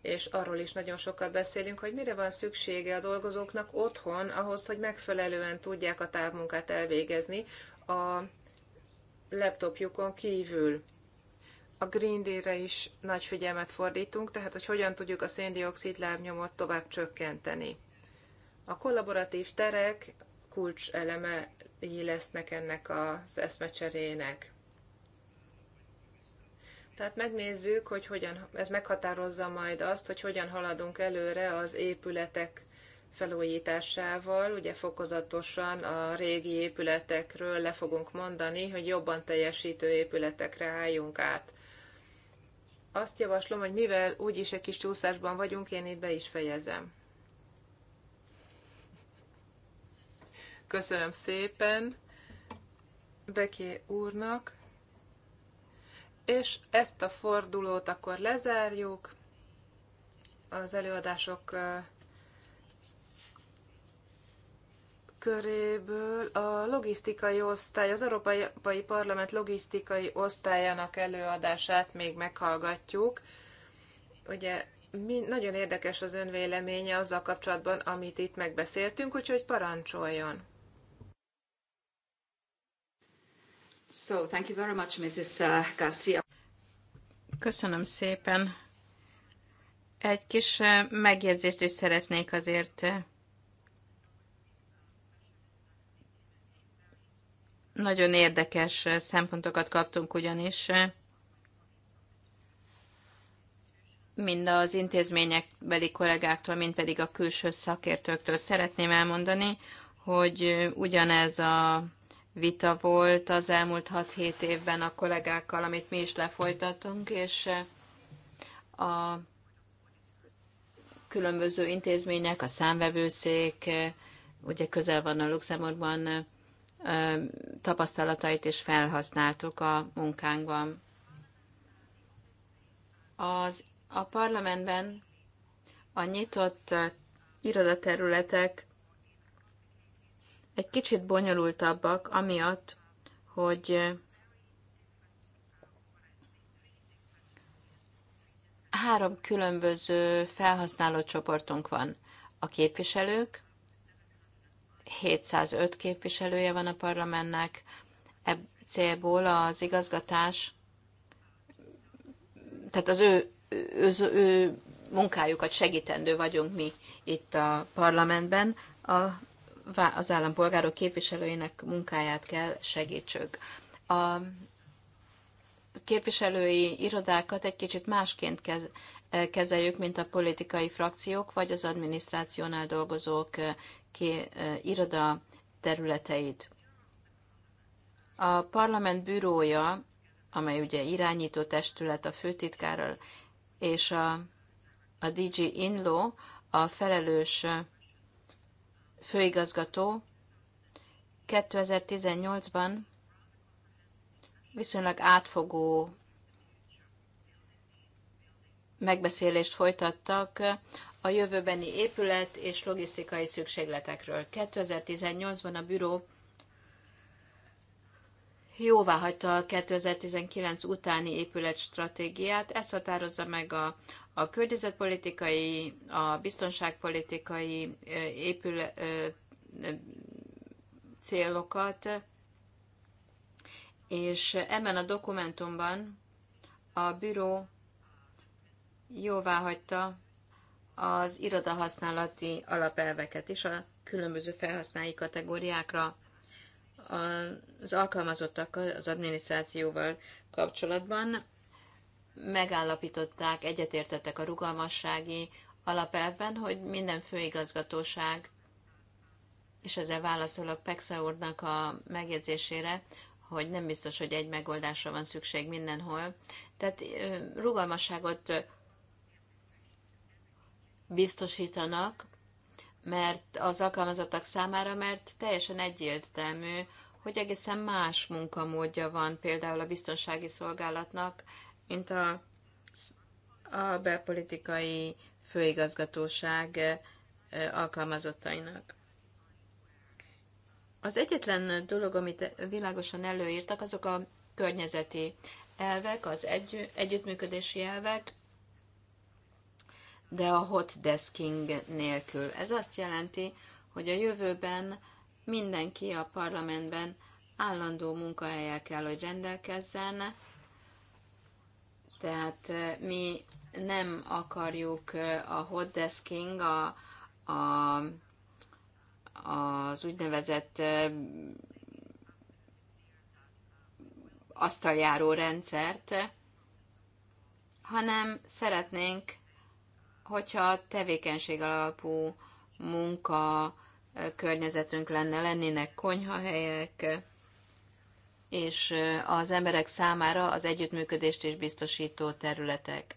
és arról is nagyon sokat beszélünk, hogy mire van szüksége a dolgozóknak otthon ahhoz, hogy megfelelően tudják a távmunkát elvégezni a laptopjukon kívül a Green Deal-re is nagy figyelmet fordítunk, tehát hogy hogyan tudjuk a széndiokszid lábnyomot tovább csökkenteni. A kollaboratív terek kulcs elemei lesznek ennek az eszmecserének. Tehát megnézzük, hogy hogyan, ez meghatározza majd azt, hogy hogyan haladunk előre az épületek felújításával, ugye fokozatosan a régi épületekről le fogunk mondani, hogy jobban teljesítő épületekre álljunk át azt javaslom, hogy mivel úgyis egy kis csúszásban vagyunk, én itt be is fejezem. Köszönöm szépen Beké úrnak, és ezt a fordulót akkor lezárjuk. Az előadások köréből a logisztikai osztály, az Európai Parlament logisztikai osztályának előadását még meghallgatjuk. Ugye mi, nagyon érdekes az ön véleménye azzal kapcsolatban, amit itt megbeszéltünk, úgyhogy parancsoljon. So, thank you very much, Mrs. Uh, Garcia. Köszönöm szépen. Egy kis uh, megjegyzést is szeretnék azért uh, Nagyon érdekes eh, szempontokat kaptunk ugyanis eh, mind az intézményekbeli kollégáktól, mind pedig a külső szakértőktől szeretném elmondani, hogy eh, ugyanez a vita volt az elmúlt 6-7 évben a kollégákkal, amit mi is lefolytatunk, és a különböző intézmények, a számvevőszék, ugye közel van a Luxemburgban tapasztalatait is felhasználtuk a munkánkban. Az, a parlamentben a nyitott irodaterületek egy kicsit bonyolultabbak, amiatt, hogy három különböző felhasználó csoportunk van. A képviselők, 705 képviselője van a parlamentnek, e célból az igazgatás, tehát az ő, ő, ő, ő munkájukat segítendő vagyunk mi itt a parlamentben, a, az állampolgárok képviselőinek munkáját kell segítsük. A képviselői irodákat egy kicsit másként kez, kezeljük, mint a politikai frakciók vagy az adminisztrációnál dolgozók ki, iroda területeit. A parlament bürója, amely ugye irányító testület a főtitkárral, és a, a DG Inlo, a felelős főigazgató 2018-ban viszonylag átfogó megbeszélést folytattak a jövőbeni épület és logisztikai szükségletekről. 2018-ban a büró jóvá hagyta a 2019 utáni stratégiát. Ezt határozza meg a, a környezetpolitikai, a biztonságpolitikai épüle, célokat, és ebben a dokumentumban a büró jóvá hagyta az irodahasználati alapelveket is a különböző felhasználói kategóriákra az alkalmazottakkal, az adminisztrációval kapcsolatban megállapították, egyetértettek a rugalmassági alapelvben, hogy minden főigazgatóság, és ezzel válaszolok Pexa úrnak a megjegyzésére, hogy nem biztos, hogy egy megoldásra van szükség mindenhol. Tehát rugalmasságot biztosítanak, mert az alkalmazottak számára, mert teljesen egyértelmű, hogy egészen más munkamódja van például a biztonsági szolgálatnak, mint a, a belpolitikai főigazgatóság alkalmazottainak. Az egyetlen dolog, amit világosan előírtak, azok a környezeti elvek, az egy, együttműködési elvek, de a hot desking nélkül. Ez azt jelenti, hogy a jövőben mindenki a parlamentben állandó munkahelyel kell, hogy rendelkezzen, tehát eh, mi nem akarjuk eh, a hot desking, a, a, az úgynevezett eh, asztaljáró rendszert, hanem szeretnénk hogyha tevékenység alapú munka eh, környezetünk lenne, lennének konyhahelyek, és eh, az emberek számára az együttműködést is biztosító területek.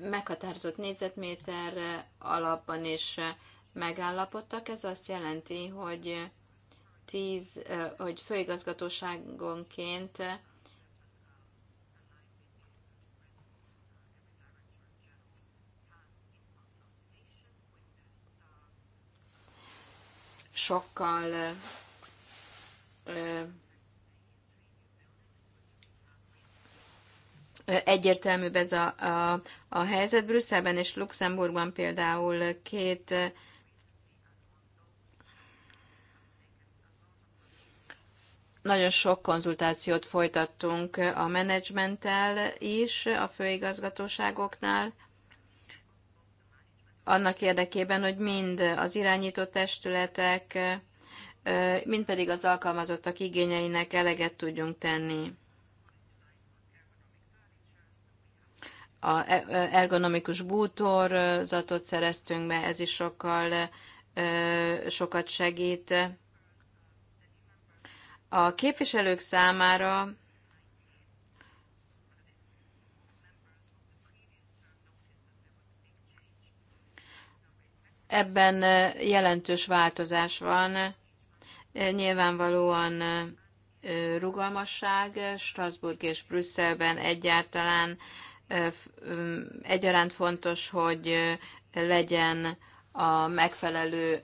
Meghatározott négyzetméter alapban is eh, megállapodtak. Ez azt jelenti, hogy 10, hogy főigazgatóságonként sokkal egyértelműbb ez a, a, a helyzet. Brüsszelben és Luxemburgban például két nagyon sok konzultációt folytattunk a menedzsmenttel is, a főigazgatóságoknál, annak érdekében, hogy mind az irányító testületek, mind pedig az alkalmazottak igényeinek eleget tudjunk tenni. A e- ergonomikus bútorzatot szereztünk be, ez is sokkal sokat segít. A képviselők számára Ebben jelentős változás van. Nyilvánvalóan rugalmasság Strasbourg és Brüsszelben egyáltalán egyaránt fontos, hogy legyen a megfelelő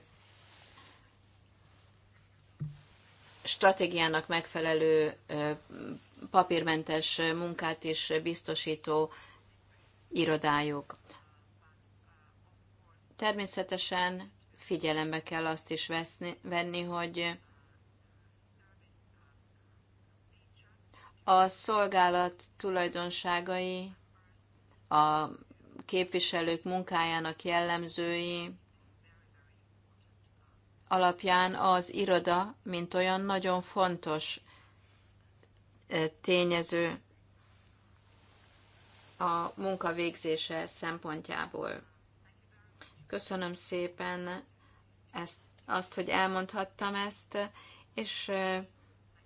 stratégiának megfelelő papírmentes munkát is biztosító irodájuk. Természetesen figyelembe kell azt is veszni, venni, hogy a szolgálat tulajdonságai, a képviselők munkájának jellemzői alapján az iroda, mint olyan nagyon fontos tényező a munkavégzése szempontjából. Köszönöm szépen ezt, azt, hogy elmondhattam ezt, és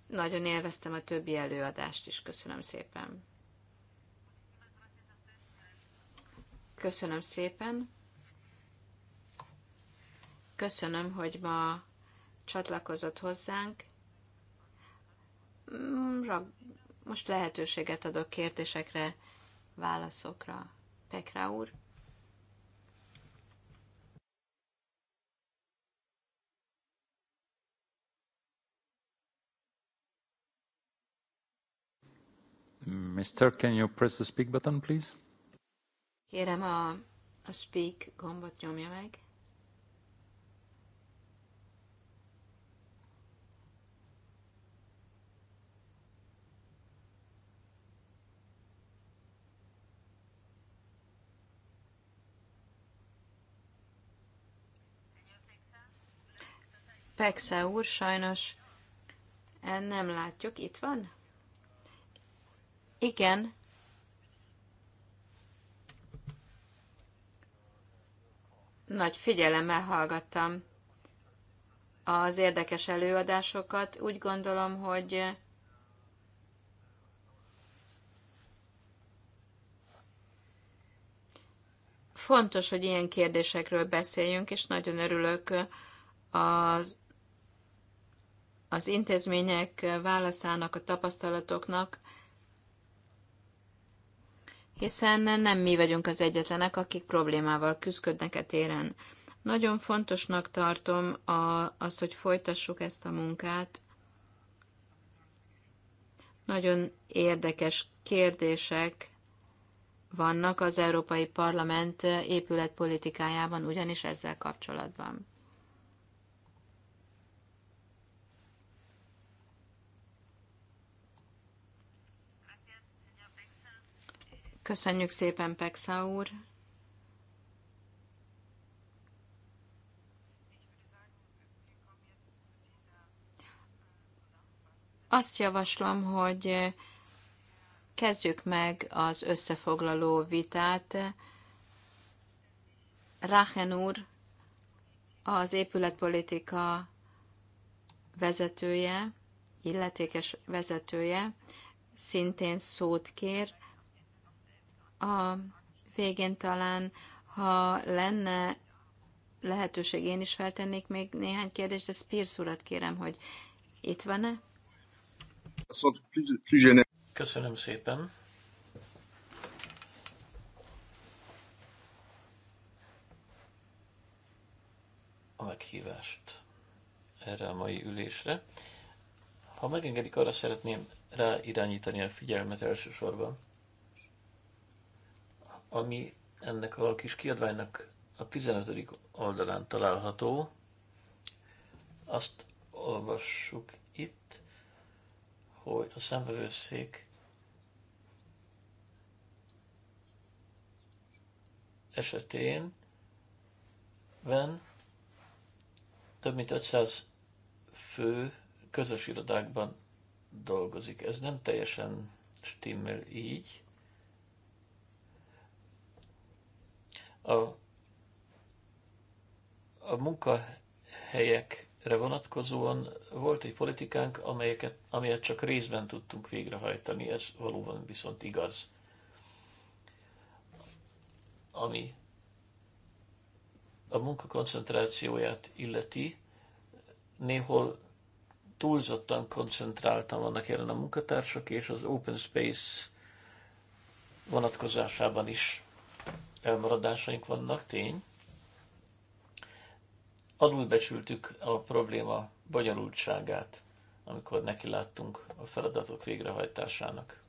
nagyon élveztem a többi előadást is. Köszönöm szépen. Köszönöm szépen. Köszönöm, hogy ma csatlakozott hozzánk. Mm, most lehetőséget adok kérdésekre, válaszokra. Pekra úr. Mr. Can you press the speak button, please? Kérem a, a speak gombot nyomja meg. Pexa úr, sajnos eh, nem látjuk, itt van? Igen. Nagy figyelemmel hallgattam az érdekes előadásokat. Úgy gondolom, hogy fontos, hogy ilyen kérdésekről beszéljünk, és nagyon örülök az, az intézmények válaszának, a tapasztalatoknak, hiszen nem mi vagyunk az egyetlenek, akik problémával küzdködnek e téren. Nagyon fontosnak tartom a, azt, hogy folytassuk ezt a munkát. Nagyon érdekes kérdések vannak az Európai Parlament épületpolitikájában, ugyanis ezzel kapcsolatban. Köszönjük szépen, Pexa úr. Azt javaslom, hogy kezdjük meg az összefoglaló vitát. Rachen úr, az épületpolitika vezetője, illetékes vezetője, szintén szót kér, a végén talán, ha lenne lehetőség, én is feltennék még néhány kérdést, de Spears urat kérem, hogy itt van-e? Szóval Köszönöm szépen. A meghívást erre a mai ülésre. Ha megengedik, arra szeretném ráirányítani a figyelmet elsősorban, ami ennek a kis kiadványnak a 15. oldalán található. Azt olvassuk itt, hogy a szemvevőszék esetén van, több mint 500 fő közös irodákban dolgozik. Ez nem teljesen stimmel így, a, a munkahelyekre vonatkozóan volt egy politikánk, amelyeket, amelyet csak részben tudtunk végrehajtani, ez valóban viszont igaz. Ami a munka koncentrációját illeti, néhol túlzottan koncentráltam vannak jelen a munkatársak, és az open space vonatkozásában is elmaradásaink vannak, tény. becsültük a probléma bonyolultságát, amikor nekiláttunk a feladatok végrehajtásának.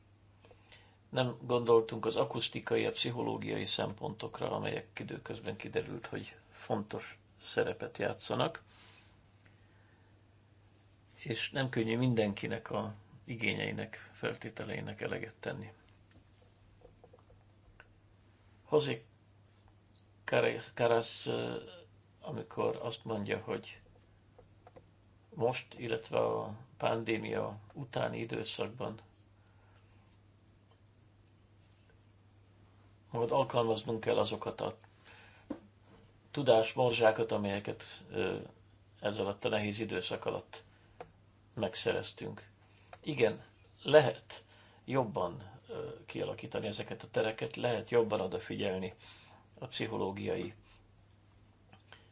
Nem gondoltunk az akusztikai, a pszichológiai szempontokra, amelyek időközben kiderült, hogy fontos szerepet játszanak, és nem könnyű mindenkinek a igényeinek, feltételeinek eleget tenni. José Karasz, amikor azt mondja, hogy most, illetve a pandémia utáni időszakban majd alkalmaznunk kell azokat a tudásmorzsákat, amelyeket ez alatt a nehéz időszak alatt megszereztünk. Igen, lehet jobban kialakítani ezeket a tereket, lehet jobban odafigyelni a pszichológiai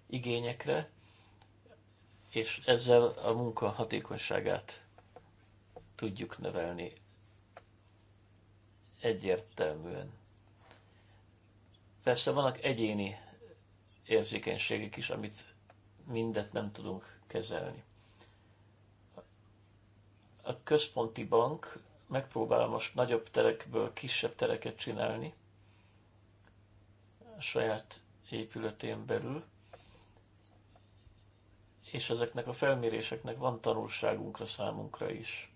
igényekre, és ezzel a munka hatékonyságát tudjuk növelni egyértelműen. Persze vannak egyéni érzékenységek is, amit mindet nem tudunk kezelni. A központi bank Megpróbálom most nagyobb terekből kisebb tereket csinálni a saját épületén belül, és ezeknek a felméréseknek van tanulságunkra számunkra is.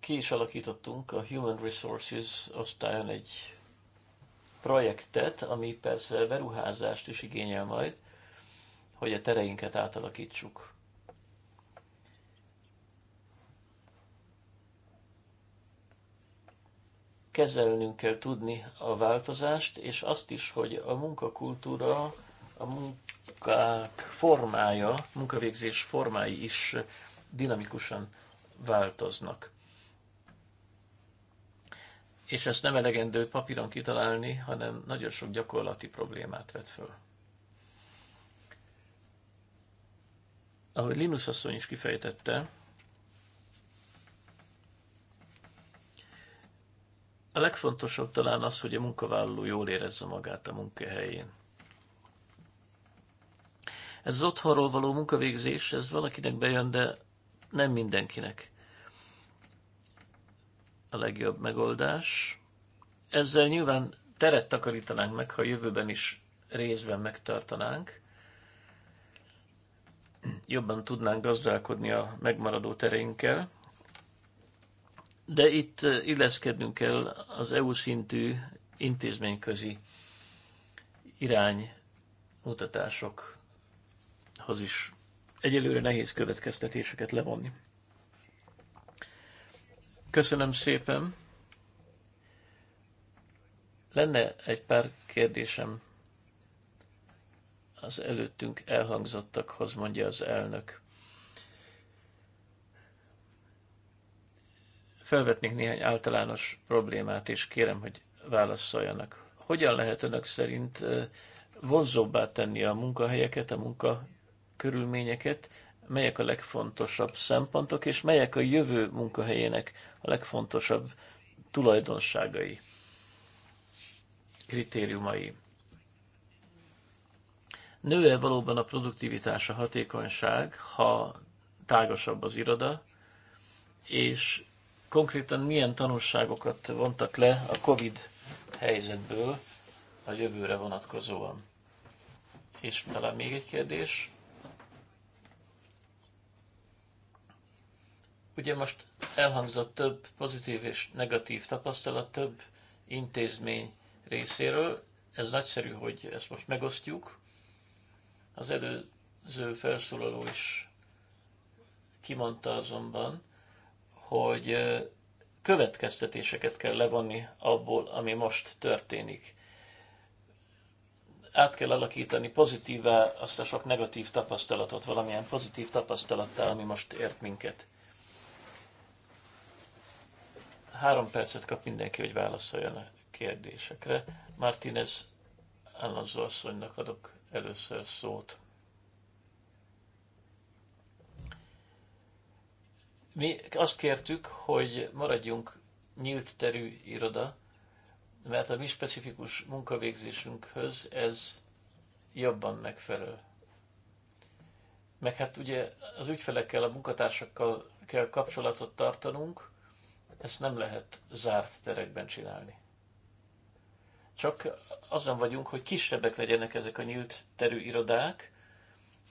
Ki is alakítottunk a Human Resources osztályon egy projektet, ami persze beruházást is igényel majd, hogy a tereinket átalakítsuk. Kezelnünk kell tudni a változást, és azt is, hogy a munkakultúra, a munkák formája, munkavégzés formái is dinamikusan változnak. És ezt nem elegendő papíron kitalálni, hanem nagyon sok gyakorlati problémát vet föl. ahogy Linus asszony is kifejtette, a legfontosabb talán az, hogy a munkavállaló jól érezze magát a munkahelyén. Ez az otthonról való munkavégzés, ez valakinek bejön, de nem mindenkinek a legjobb megoldás. Ezzel nyilván teret takarítanánk meg, ha a jövőben is részben megtartanánk, jobban tudnánk gazdálkodni a megmaradó terénkkel, de itt eh, illeszkednünk kell az EU szintű intézményközi iránymutatásokhoz is. Egyelőre nehéz következtetéseket levonni. Köszönöm szépen! Lenne egy pár kérdésem az előttünk elhangzottakhoz, mondja az elnök. Felvetnék néhány általános problémát, és kérem, hogy válaszoljanak. Hogyan lehet önök szerint vonzóbbá tenni a munkahelyeket, a munkakörülményeket, melyek a legfontosabb szempontok, és melyek a jövő munkahelyének a legfontosabb tulajdonságai, kritériumai nő-e valóban a produktivitás, a hatékonyság, ha tágasabb az iroda, és konkrétan milyen tanulságokat vontak le a COVID helyzetből a jövőre vonatkozóan. És talán még egy kérdés. Ugye most elhangzott több pozitív és negatív tapasztalat, több intézmény részéről. Ez nagyszerű, hogy ezt most megosztjuk, az előző felszólaló is kimondta azonban, hogy következtetéseket kell levonni abból, ami most történik. Át kell alakítani pozitívá azt a sok negatív tapasztalatot, valamilyen pozitív tapasztalattá, ami most ért minket. Három percet kap mindenki, hogy válaszoljon a kérdésekre. Martínez Alonso asszonynak adok először szót. Mi azt kértük, hogy maradjunk nyílt terű iroda, mert a mi specifikus munkavégzésünkhöz ez jobban megfelel. Meg hát ugye az ügyfelekkel, a munkatársakkal kell kapcsolatot tartanunk, ezt nem lehet zárt terekben csinálni. Csak azon vagyunk, hogy kisebbek legyenek ezek a nyílt terű irodák,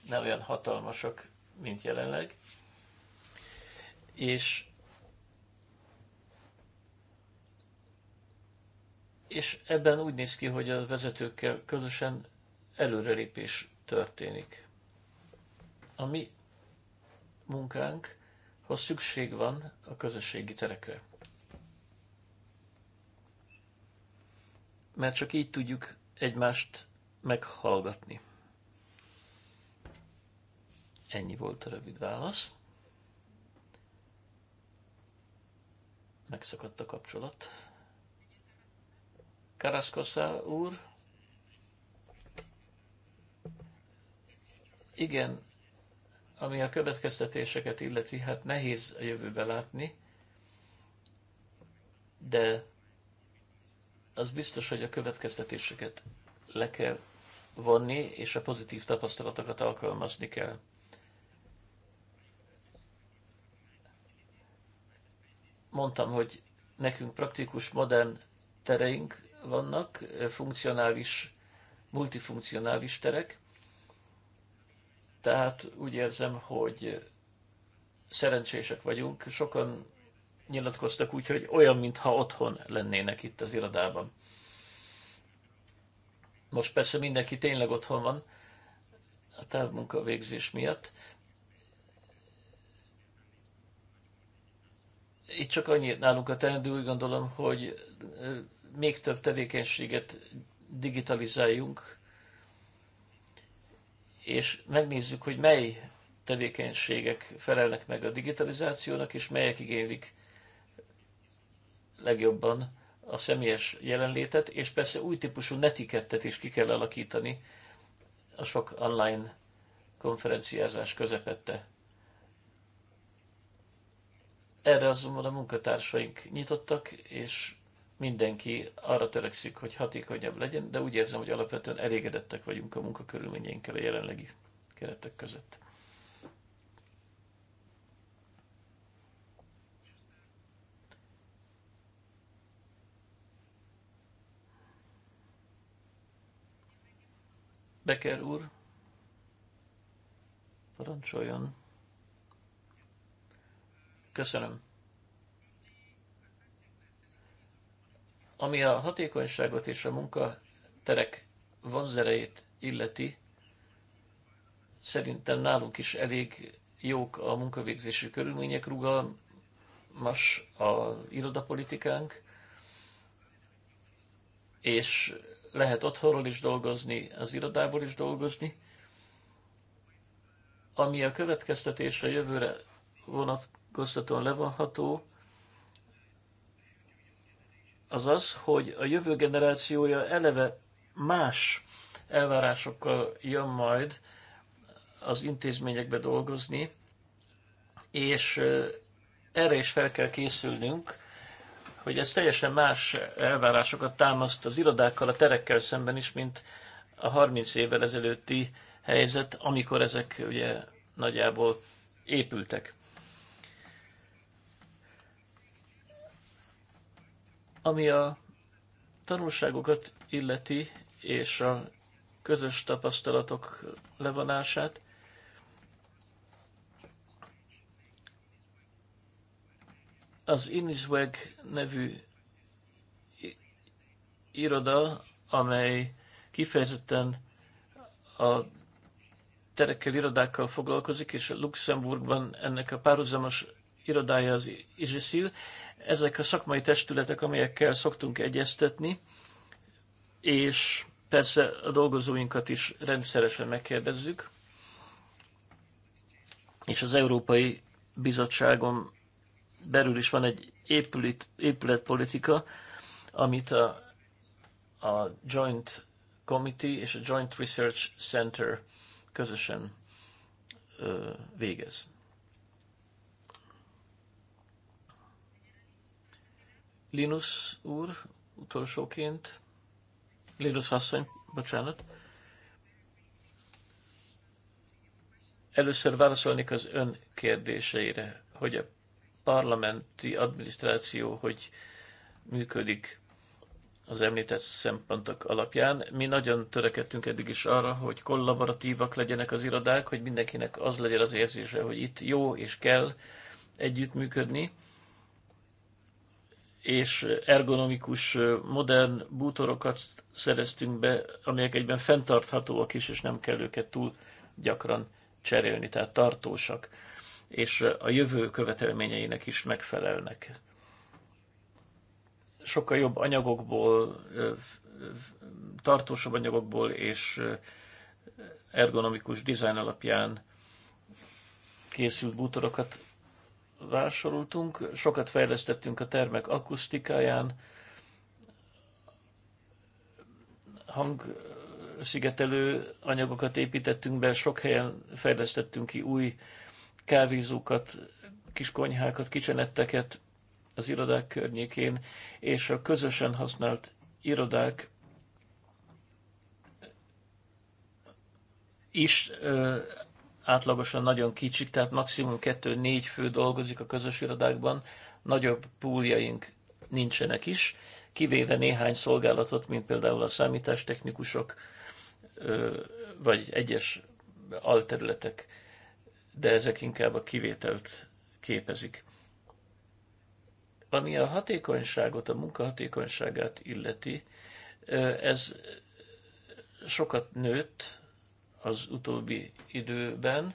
ne olyan hatalmasak, mint jelenleg. És és ebben úgy néz ki, hogy a vezetőkkel közösen előrelépés történik. A mi munkánkhoz szükség van a közösségi terekre. mert csak így tudjuk egymást meghallgatni. Ennyi volt a rövid válasz. Megszakadt a kapcsolat. Karaszkosza úr. Igen, ami a következtetéseket illeti, hát nehéz a jövőbe látni, de az biztos, hogy a következtetéseket le kell vonni, és a pozitív tapasztalatokat alkalmazni kell. Mondtam, hogy nekünk praktikus, modern tereink vannak, funkcionális, multifunkcionális terek, tehát úgy érzem, hogy szerencsések vagyunk, sokan nyilatkoztak úgy, hogy olyan, mintha otthon lennének itt az irodában. Most persze mindenki tényleg otthon van a távmunkavégzés végzés miatt. Itt csak annyi nálunk a teendő, úgy gondolom, hogy még több tevékenységet digitalizáljunk, és megnézzük, hogy mely tevékenységek felelnek meg a digitalizációnak, és melyek igénylik legjobban a személyes jelenlétet, és persze új típusú netikettet is ki kell alakítani a sok online konferenciázás közepette. Erre azonban a munkatársaink nyitottak, és mindenki arra törekszik, hogy hatékonyabb legyen, de úgy érzem, hogy alapvetően elégedettek vagyunk a munkakörülményeinkkel a jelenlegi keretek között. Becker úr, parancsoljon. Köszönöm. Ami a hatékonyságot és a munkaterek vonzereit illeti, szerintem nálunk is elég jók a munkavégzési körülmények, rugalmas a irodapolitikánk, és lehet otthonról is dolgozni, az irodából is dolgozni. Ami a következtetésre jövőre vonatkoztatóan levonható, az az, hogy a jövő generációja eleve más elvárásokkal jön majd az intézményekbe dolgozni, és erre is fel kell készülnünk, hogy ez teljesen más elvárásokat támaszt az irodákkal, a terekkel szemben is, mint a 30 évvel ezelőtti helyzet, amikor ezek ugye nagyjából épültek. Ami a tanulságokat illeti, és a közös tapasztalatok levonását, Az Innisweg nevű iroda, amely kifejezetten a terekkel, irodákkal foglalkozik, és Luxemburgban ennek a párhuzamos irodája az IZSZIL. Ezek a szakmai testületek, amelyekkel szoktunk egyeztetni, és persze a dolgozóinkat is rendszeresen megkérdezzük, és az Európai Bizottságon belül is van egy épület, épületpolitika, amit a, a Joint Committee és a Joint Research Center közösen ö, végez. Linus úr, utolsóként. Linus asszony, bocsánat. Először válaszolnék az ön kérdéseire, hogy a parlamenti adminisztráció hogy működik az említett szempontok alapján. Mi nagyon törekedtünk eddig is arra, hogy kollaboratívak legyenek az irodák, hogy mindenkinek az legyen az érzése, hogy itt jó és kell együttműködni, és ergonomikus, modern bútorokat szereztünk be, amelyek egyben fenntarthatóak is, és nem kell őket túl gyakran cserélni, tehát tartósak és a jövő követelményeinek is megfelelnek. Sokkal jobb anyagokból, tartósabb anyagokból és ergonomikus dizájn alapján készült bútorokat vásároltunk, sokat fejlesztettünk a termek akusztikáján, hangszigetelő anyagokat építettünk be, sok helyen fejlesztettünk ki új kávézókat, kis konyhákat, kicsenetteket az irodák környékén, és a közösen használt irodák is ö, átlagosan nagyon kicsik, tehát maximum 2-4 fő dolgozik a közös irodákban, nagyobb púljaink nincsenek is, kivéve néhány szolgálatot, mint például a számítástechnikusok, ö, vagy egyes alterületek de ezek inkább a kivételt képezik. Ami a hatékonyságot, a munka hatékonyságát illeti, ez sokat nőtt az utóbbi időben.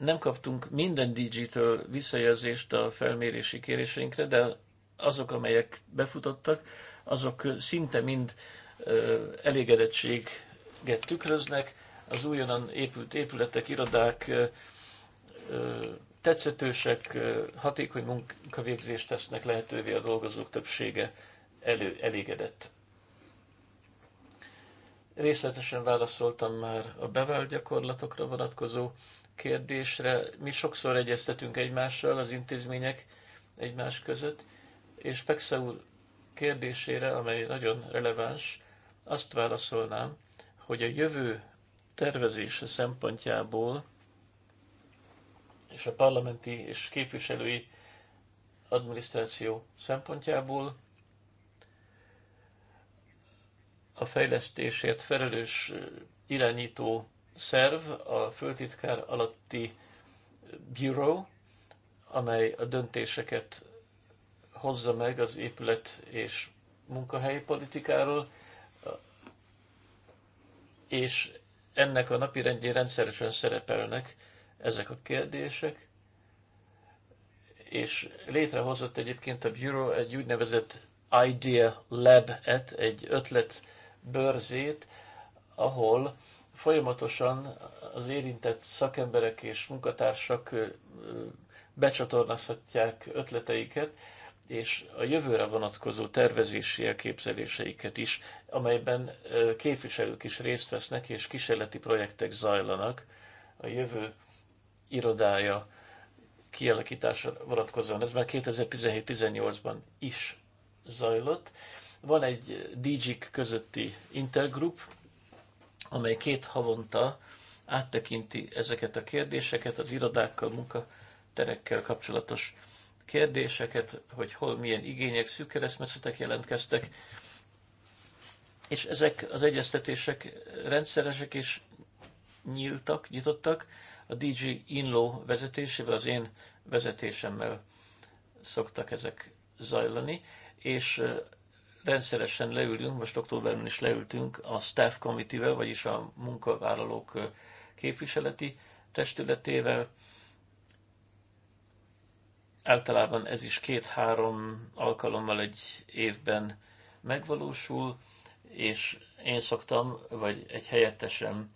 Nem kaptunk minden digital visszajelzést a felmérési kéréseinkre, de azok, amelyek befutottak, azok szinte mind elégedettséget tükröznek, az újonnan épült épületek, irodák tetszetősek, hatékony munkavégzést tesznek lehetővé, a dolgozók többsége elő, elégedett. Részletesen válaszoltam már a bevált gyakorlatokra vonatkozó kérdésre. Mi sokszor egyeztetünk egymással, az intézmények egymás között, és Pexa úr kérdésére, amely nagyon releváns, azt válaszolnám, hogy a jövő tervezése szempontjából és a parlamenti és képviselői adminisztráció szempontjából a fejlesztésért felelős irányító szerv, a főtitkár alatti bureau, amely a döntéseket hozza meg az épület és munkahelyi politikáról, és ennek a rendjén rendszeresen szerepelnek ezek a kérdések, és létrehozott egyébként a Bureau egy úgynevezett Idea Lab-et, egy ötlet bőrzét, ahol folyamatosan az érintett szakemberek és munkatársak becsatornázhatják ötleteiket, és a jövőre vonatkozó tervezési elképzeléseiket is, amelyben képviselők is részt vesznek, és kísérleti projektek zajlanak a jövő irodája kialakítása vonatkozóan. Ez már 2017-18-ban is zajlott. Van egy dg közötti intergroup, amely két havonta áttekinti ezeket a kérdéseket, az irodákkal, munkaterekkel kapcsolatos kérdéseket, hogy hol milyen igények, szűk keresztmetszetek jelentkeztek, és ezek az egyeztetések rendszeresek és nyíltak, nyitottak. A DJ Inlo vezetésével, az én vezetésemmel szoktak ezek zajlani, és rendszeresen leülünk, most októberben is leültünk a staff committee-vel, vagyis a munkavállalók képviseleti testületével, Általában ez is két-három alkalommal egy évben megvalósul, és én szoktam, vagy egy helyettesem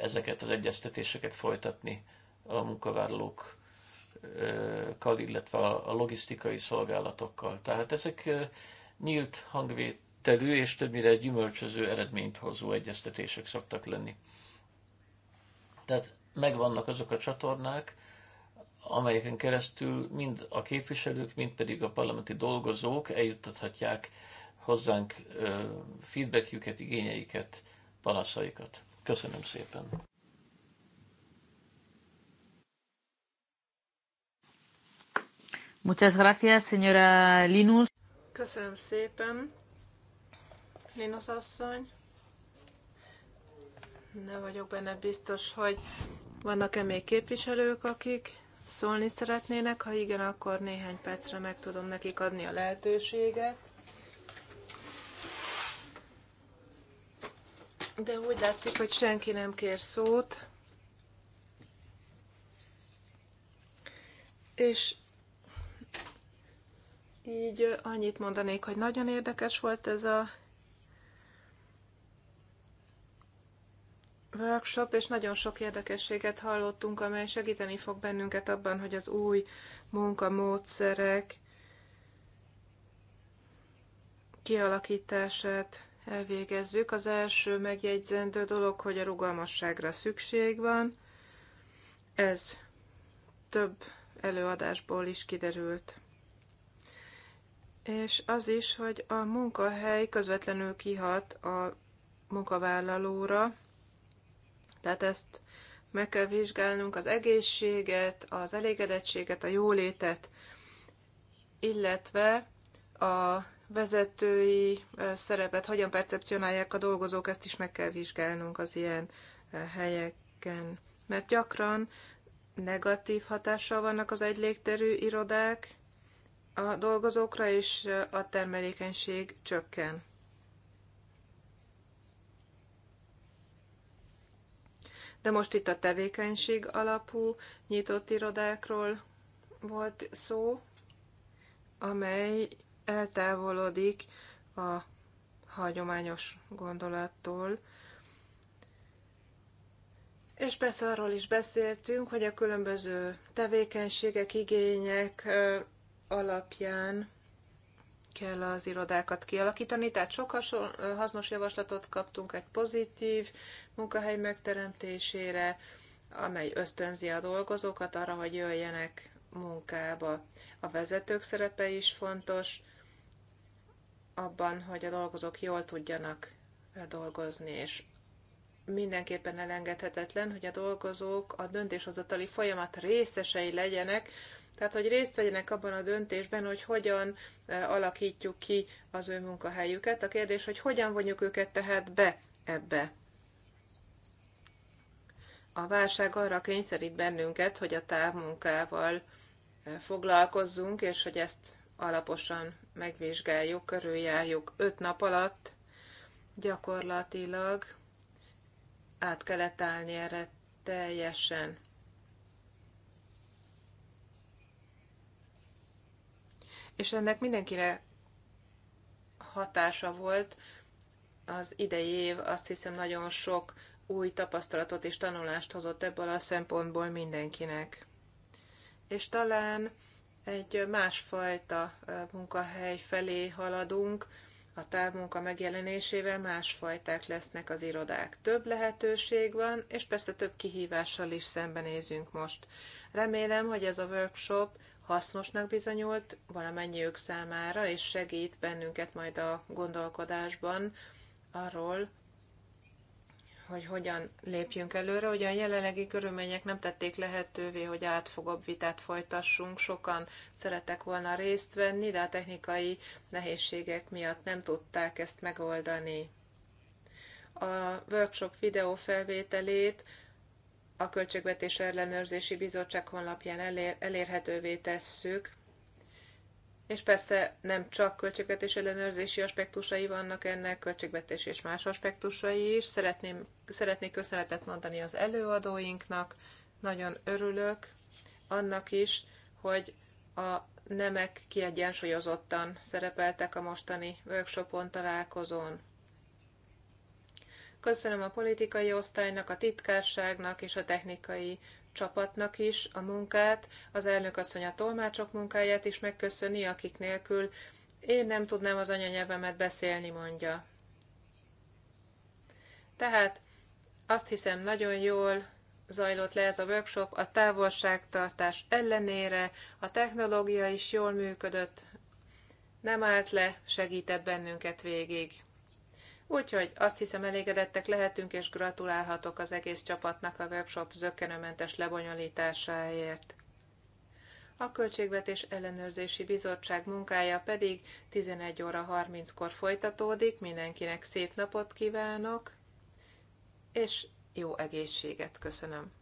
ezeket az egyeztetéseket folytatni a munkavállalókkal, illetve a logisztikai szolgálatokkal. Tehát ezek nyílt hangvételű és többnyire gyümölcsöző eredményt hozó egyeztetések szoktak lenni. Tehát megvannak azok a csatornák, amelyeken keresztül mind a képviselők, mind pedig a parlamenti dolgozók eljuttathatják hozzánk feedbackjüket, igényeiket, panaszaikat. Köszönöm szépen! Muchas gracias, señora Linus. Köszönöm szépen, Linus asszony. Nem vagyok benne biztos, hogy vannak-e még képviselők, akik szólni szeretnének. Ha igen, akkor néhány percre meg tudom nekik adni a lehetőséget. De úgy látszik, hogy senki nem kér szót. És így annyit mondanék, hogy nagyon érdekes volt ez a workshop, és nagyon sok érdekességet hallottunk, amely segíteni fog bennünket abban, hogy az új munkamódszerek kialakítását elvégezzük. Az első megjegyzendő dolog, hogy a rugalmasságra szükség van. Ez több előadásból is kiderült. És az is, hogy a munkahely közvetlenül kihat a munkavállalóra, tehát ezt meg kell vizsgálnunk az egészséget, az elégedettséget, a jólétet, illetve a vezetői szerepet, hogyan percepcionálják a dolgozók, ezt is meg kell vizsgálnunk az ilyen helyeken. Mert gyakran negatív hatással vannak az egy légterű irodák a dolgozókra, és a termelékenység csökken. De most itt a tevékenység alapú nyitott irodákról volt szó, amely eltávolodik a hagyományos gondolattól. És persze arról is beszéltünk, hogy a különböző tevékenységek, igények alapján kell az irodákat kialakítani, tehát sok hasznos javaslatot kaptunk egy pozitív munkahely megteremtésére, amely ösztönzi a dolgozókat arra, hogy jöjjenek munkába. A vezetők szerepe is fontos abban, hogy a dolgozók jól tudjanak dolgozni, és mindenképpen elengedhetetlen, hogy a dolgozók a döntéshozatali folyamat részesei legyenek, tehát, hogy részt vegyenek abban a döntésben, hogy hogyan e, alakítjuk ki az ő munkahelyüket. A kérdés, hogy hogyan vonjuk őket tehát be ebbe. A válság arra kényszerít bennünket, hogy a távmunkával e, foglalkozzunk, és hogy ezt alaposan megvizsgáljuk, körüljárjuk. Öt nap alatt gyakorlatilag át kellett állni erre teljesen. és ennek mindenkire hatása volt az idei év, azt hiszem nagyon sok új tapasztalatot és tanulást hozott ebből a szempontból mindenkinek. És talán egy másfajta munkahely felé haladunk, a távmunka megjelenésével másfajták lesznek az irodák. Több lehetőség van, és persze több kihívással is szembenézünk most. Remélem, hogy ez a workshop hasznosnak bizonyult ők számára, és segít bennünket majd a gondolkodásban arról, hogy hogyan lépjünk előre. Ugye a jelenlegi körülmények nem tették lehetővé, hogy átfogóbb vitát folytassunk. Sokan szeretek volna részt venni, de a technikai nehézségek miatt nem tudták ezt megoldani. A workshop videó felvételét a Költségvetés Ellenőrzési Bizottság honlapján elér, elérhetővé tesszük. És persze nem csak költségvetés ellenőrzési aspektusai vannak ennek, költségvetés és más aspektusai is. Szeretném, szeretnék köszönetet mondani az előadóinknak. Nagyon örülök annak is, hogy a nemek kiegyensúlyozottan szerepeltek a mostani workshopon találkozón. Köszönöm a politikai osztálynak, a titkárságnak és a technikai csapatnak is a munkát, az asszony a tolmácsok munkáját is megköszöni, akik nélkül én nem tudnám az anyanyelvemet beszélni, mondja. Tehát azt hiszem nagyon jól zajlott le ez a workshop a távolságtartás ellenére, a technológia is jól működött, nem állt le, segített bennünket végig. Úgyhogy azt hiszem elégedettek lehetünk, és gratulálhatok az egész csapatnak a webshop zöggenőmentes lebonyolításáért. A Költségvetés Ellenőrzési Bizottság munkája pedig 11 óra 30-kor folytatódik. Mindenkinek szép napot kívánok, és jó egészséget köszönöm.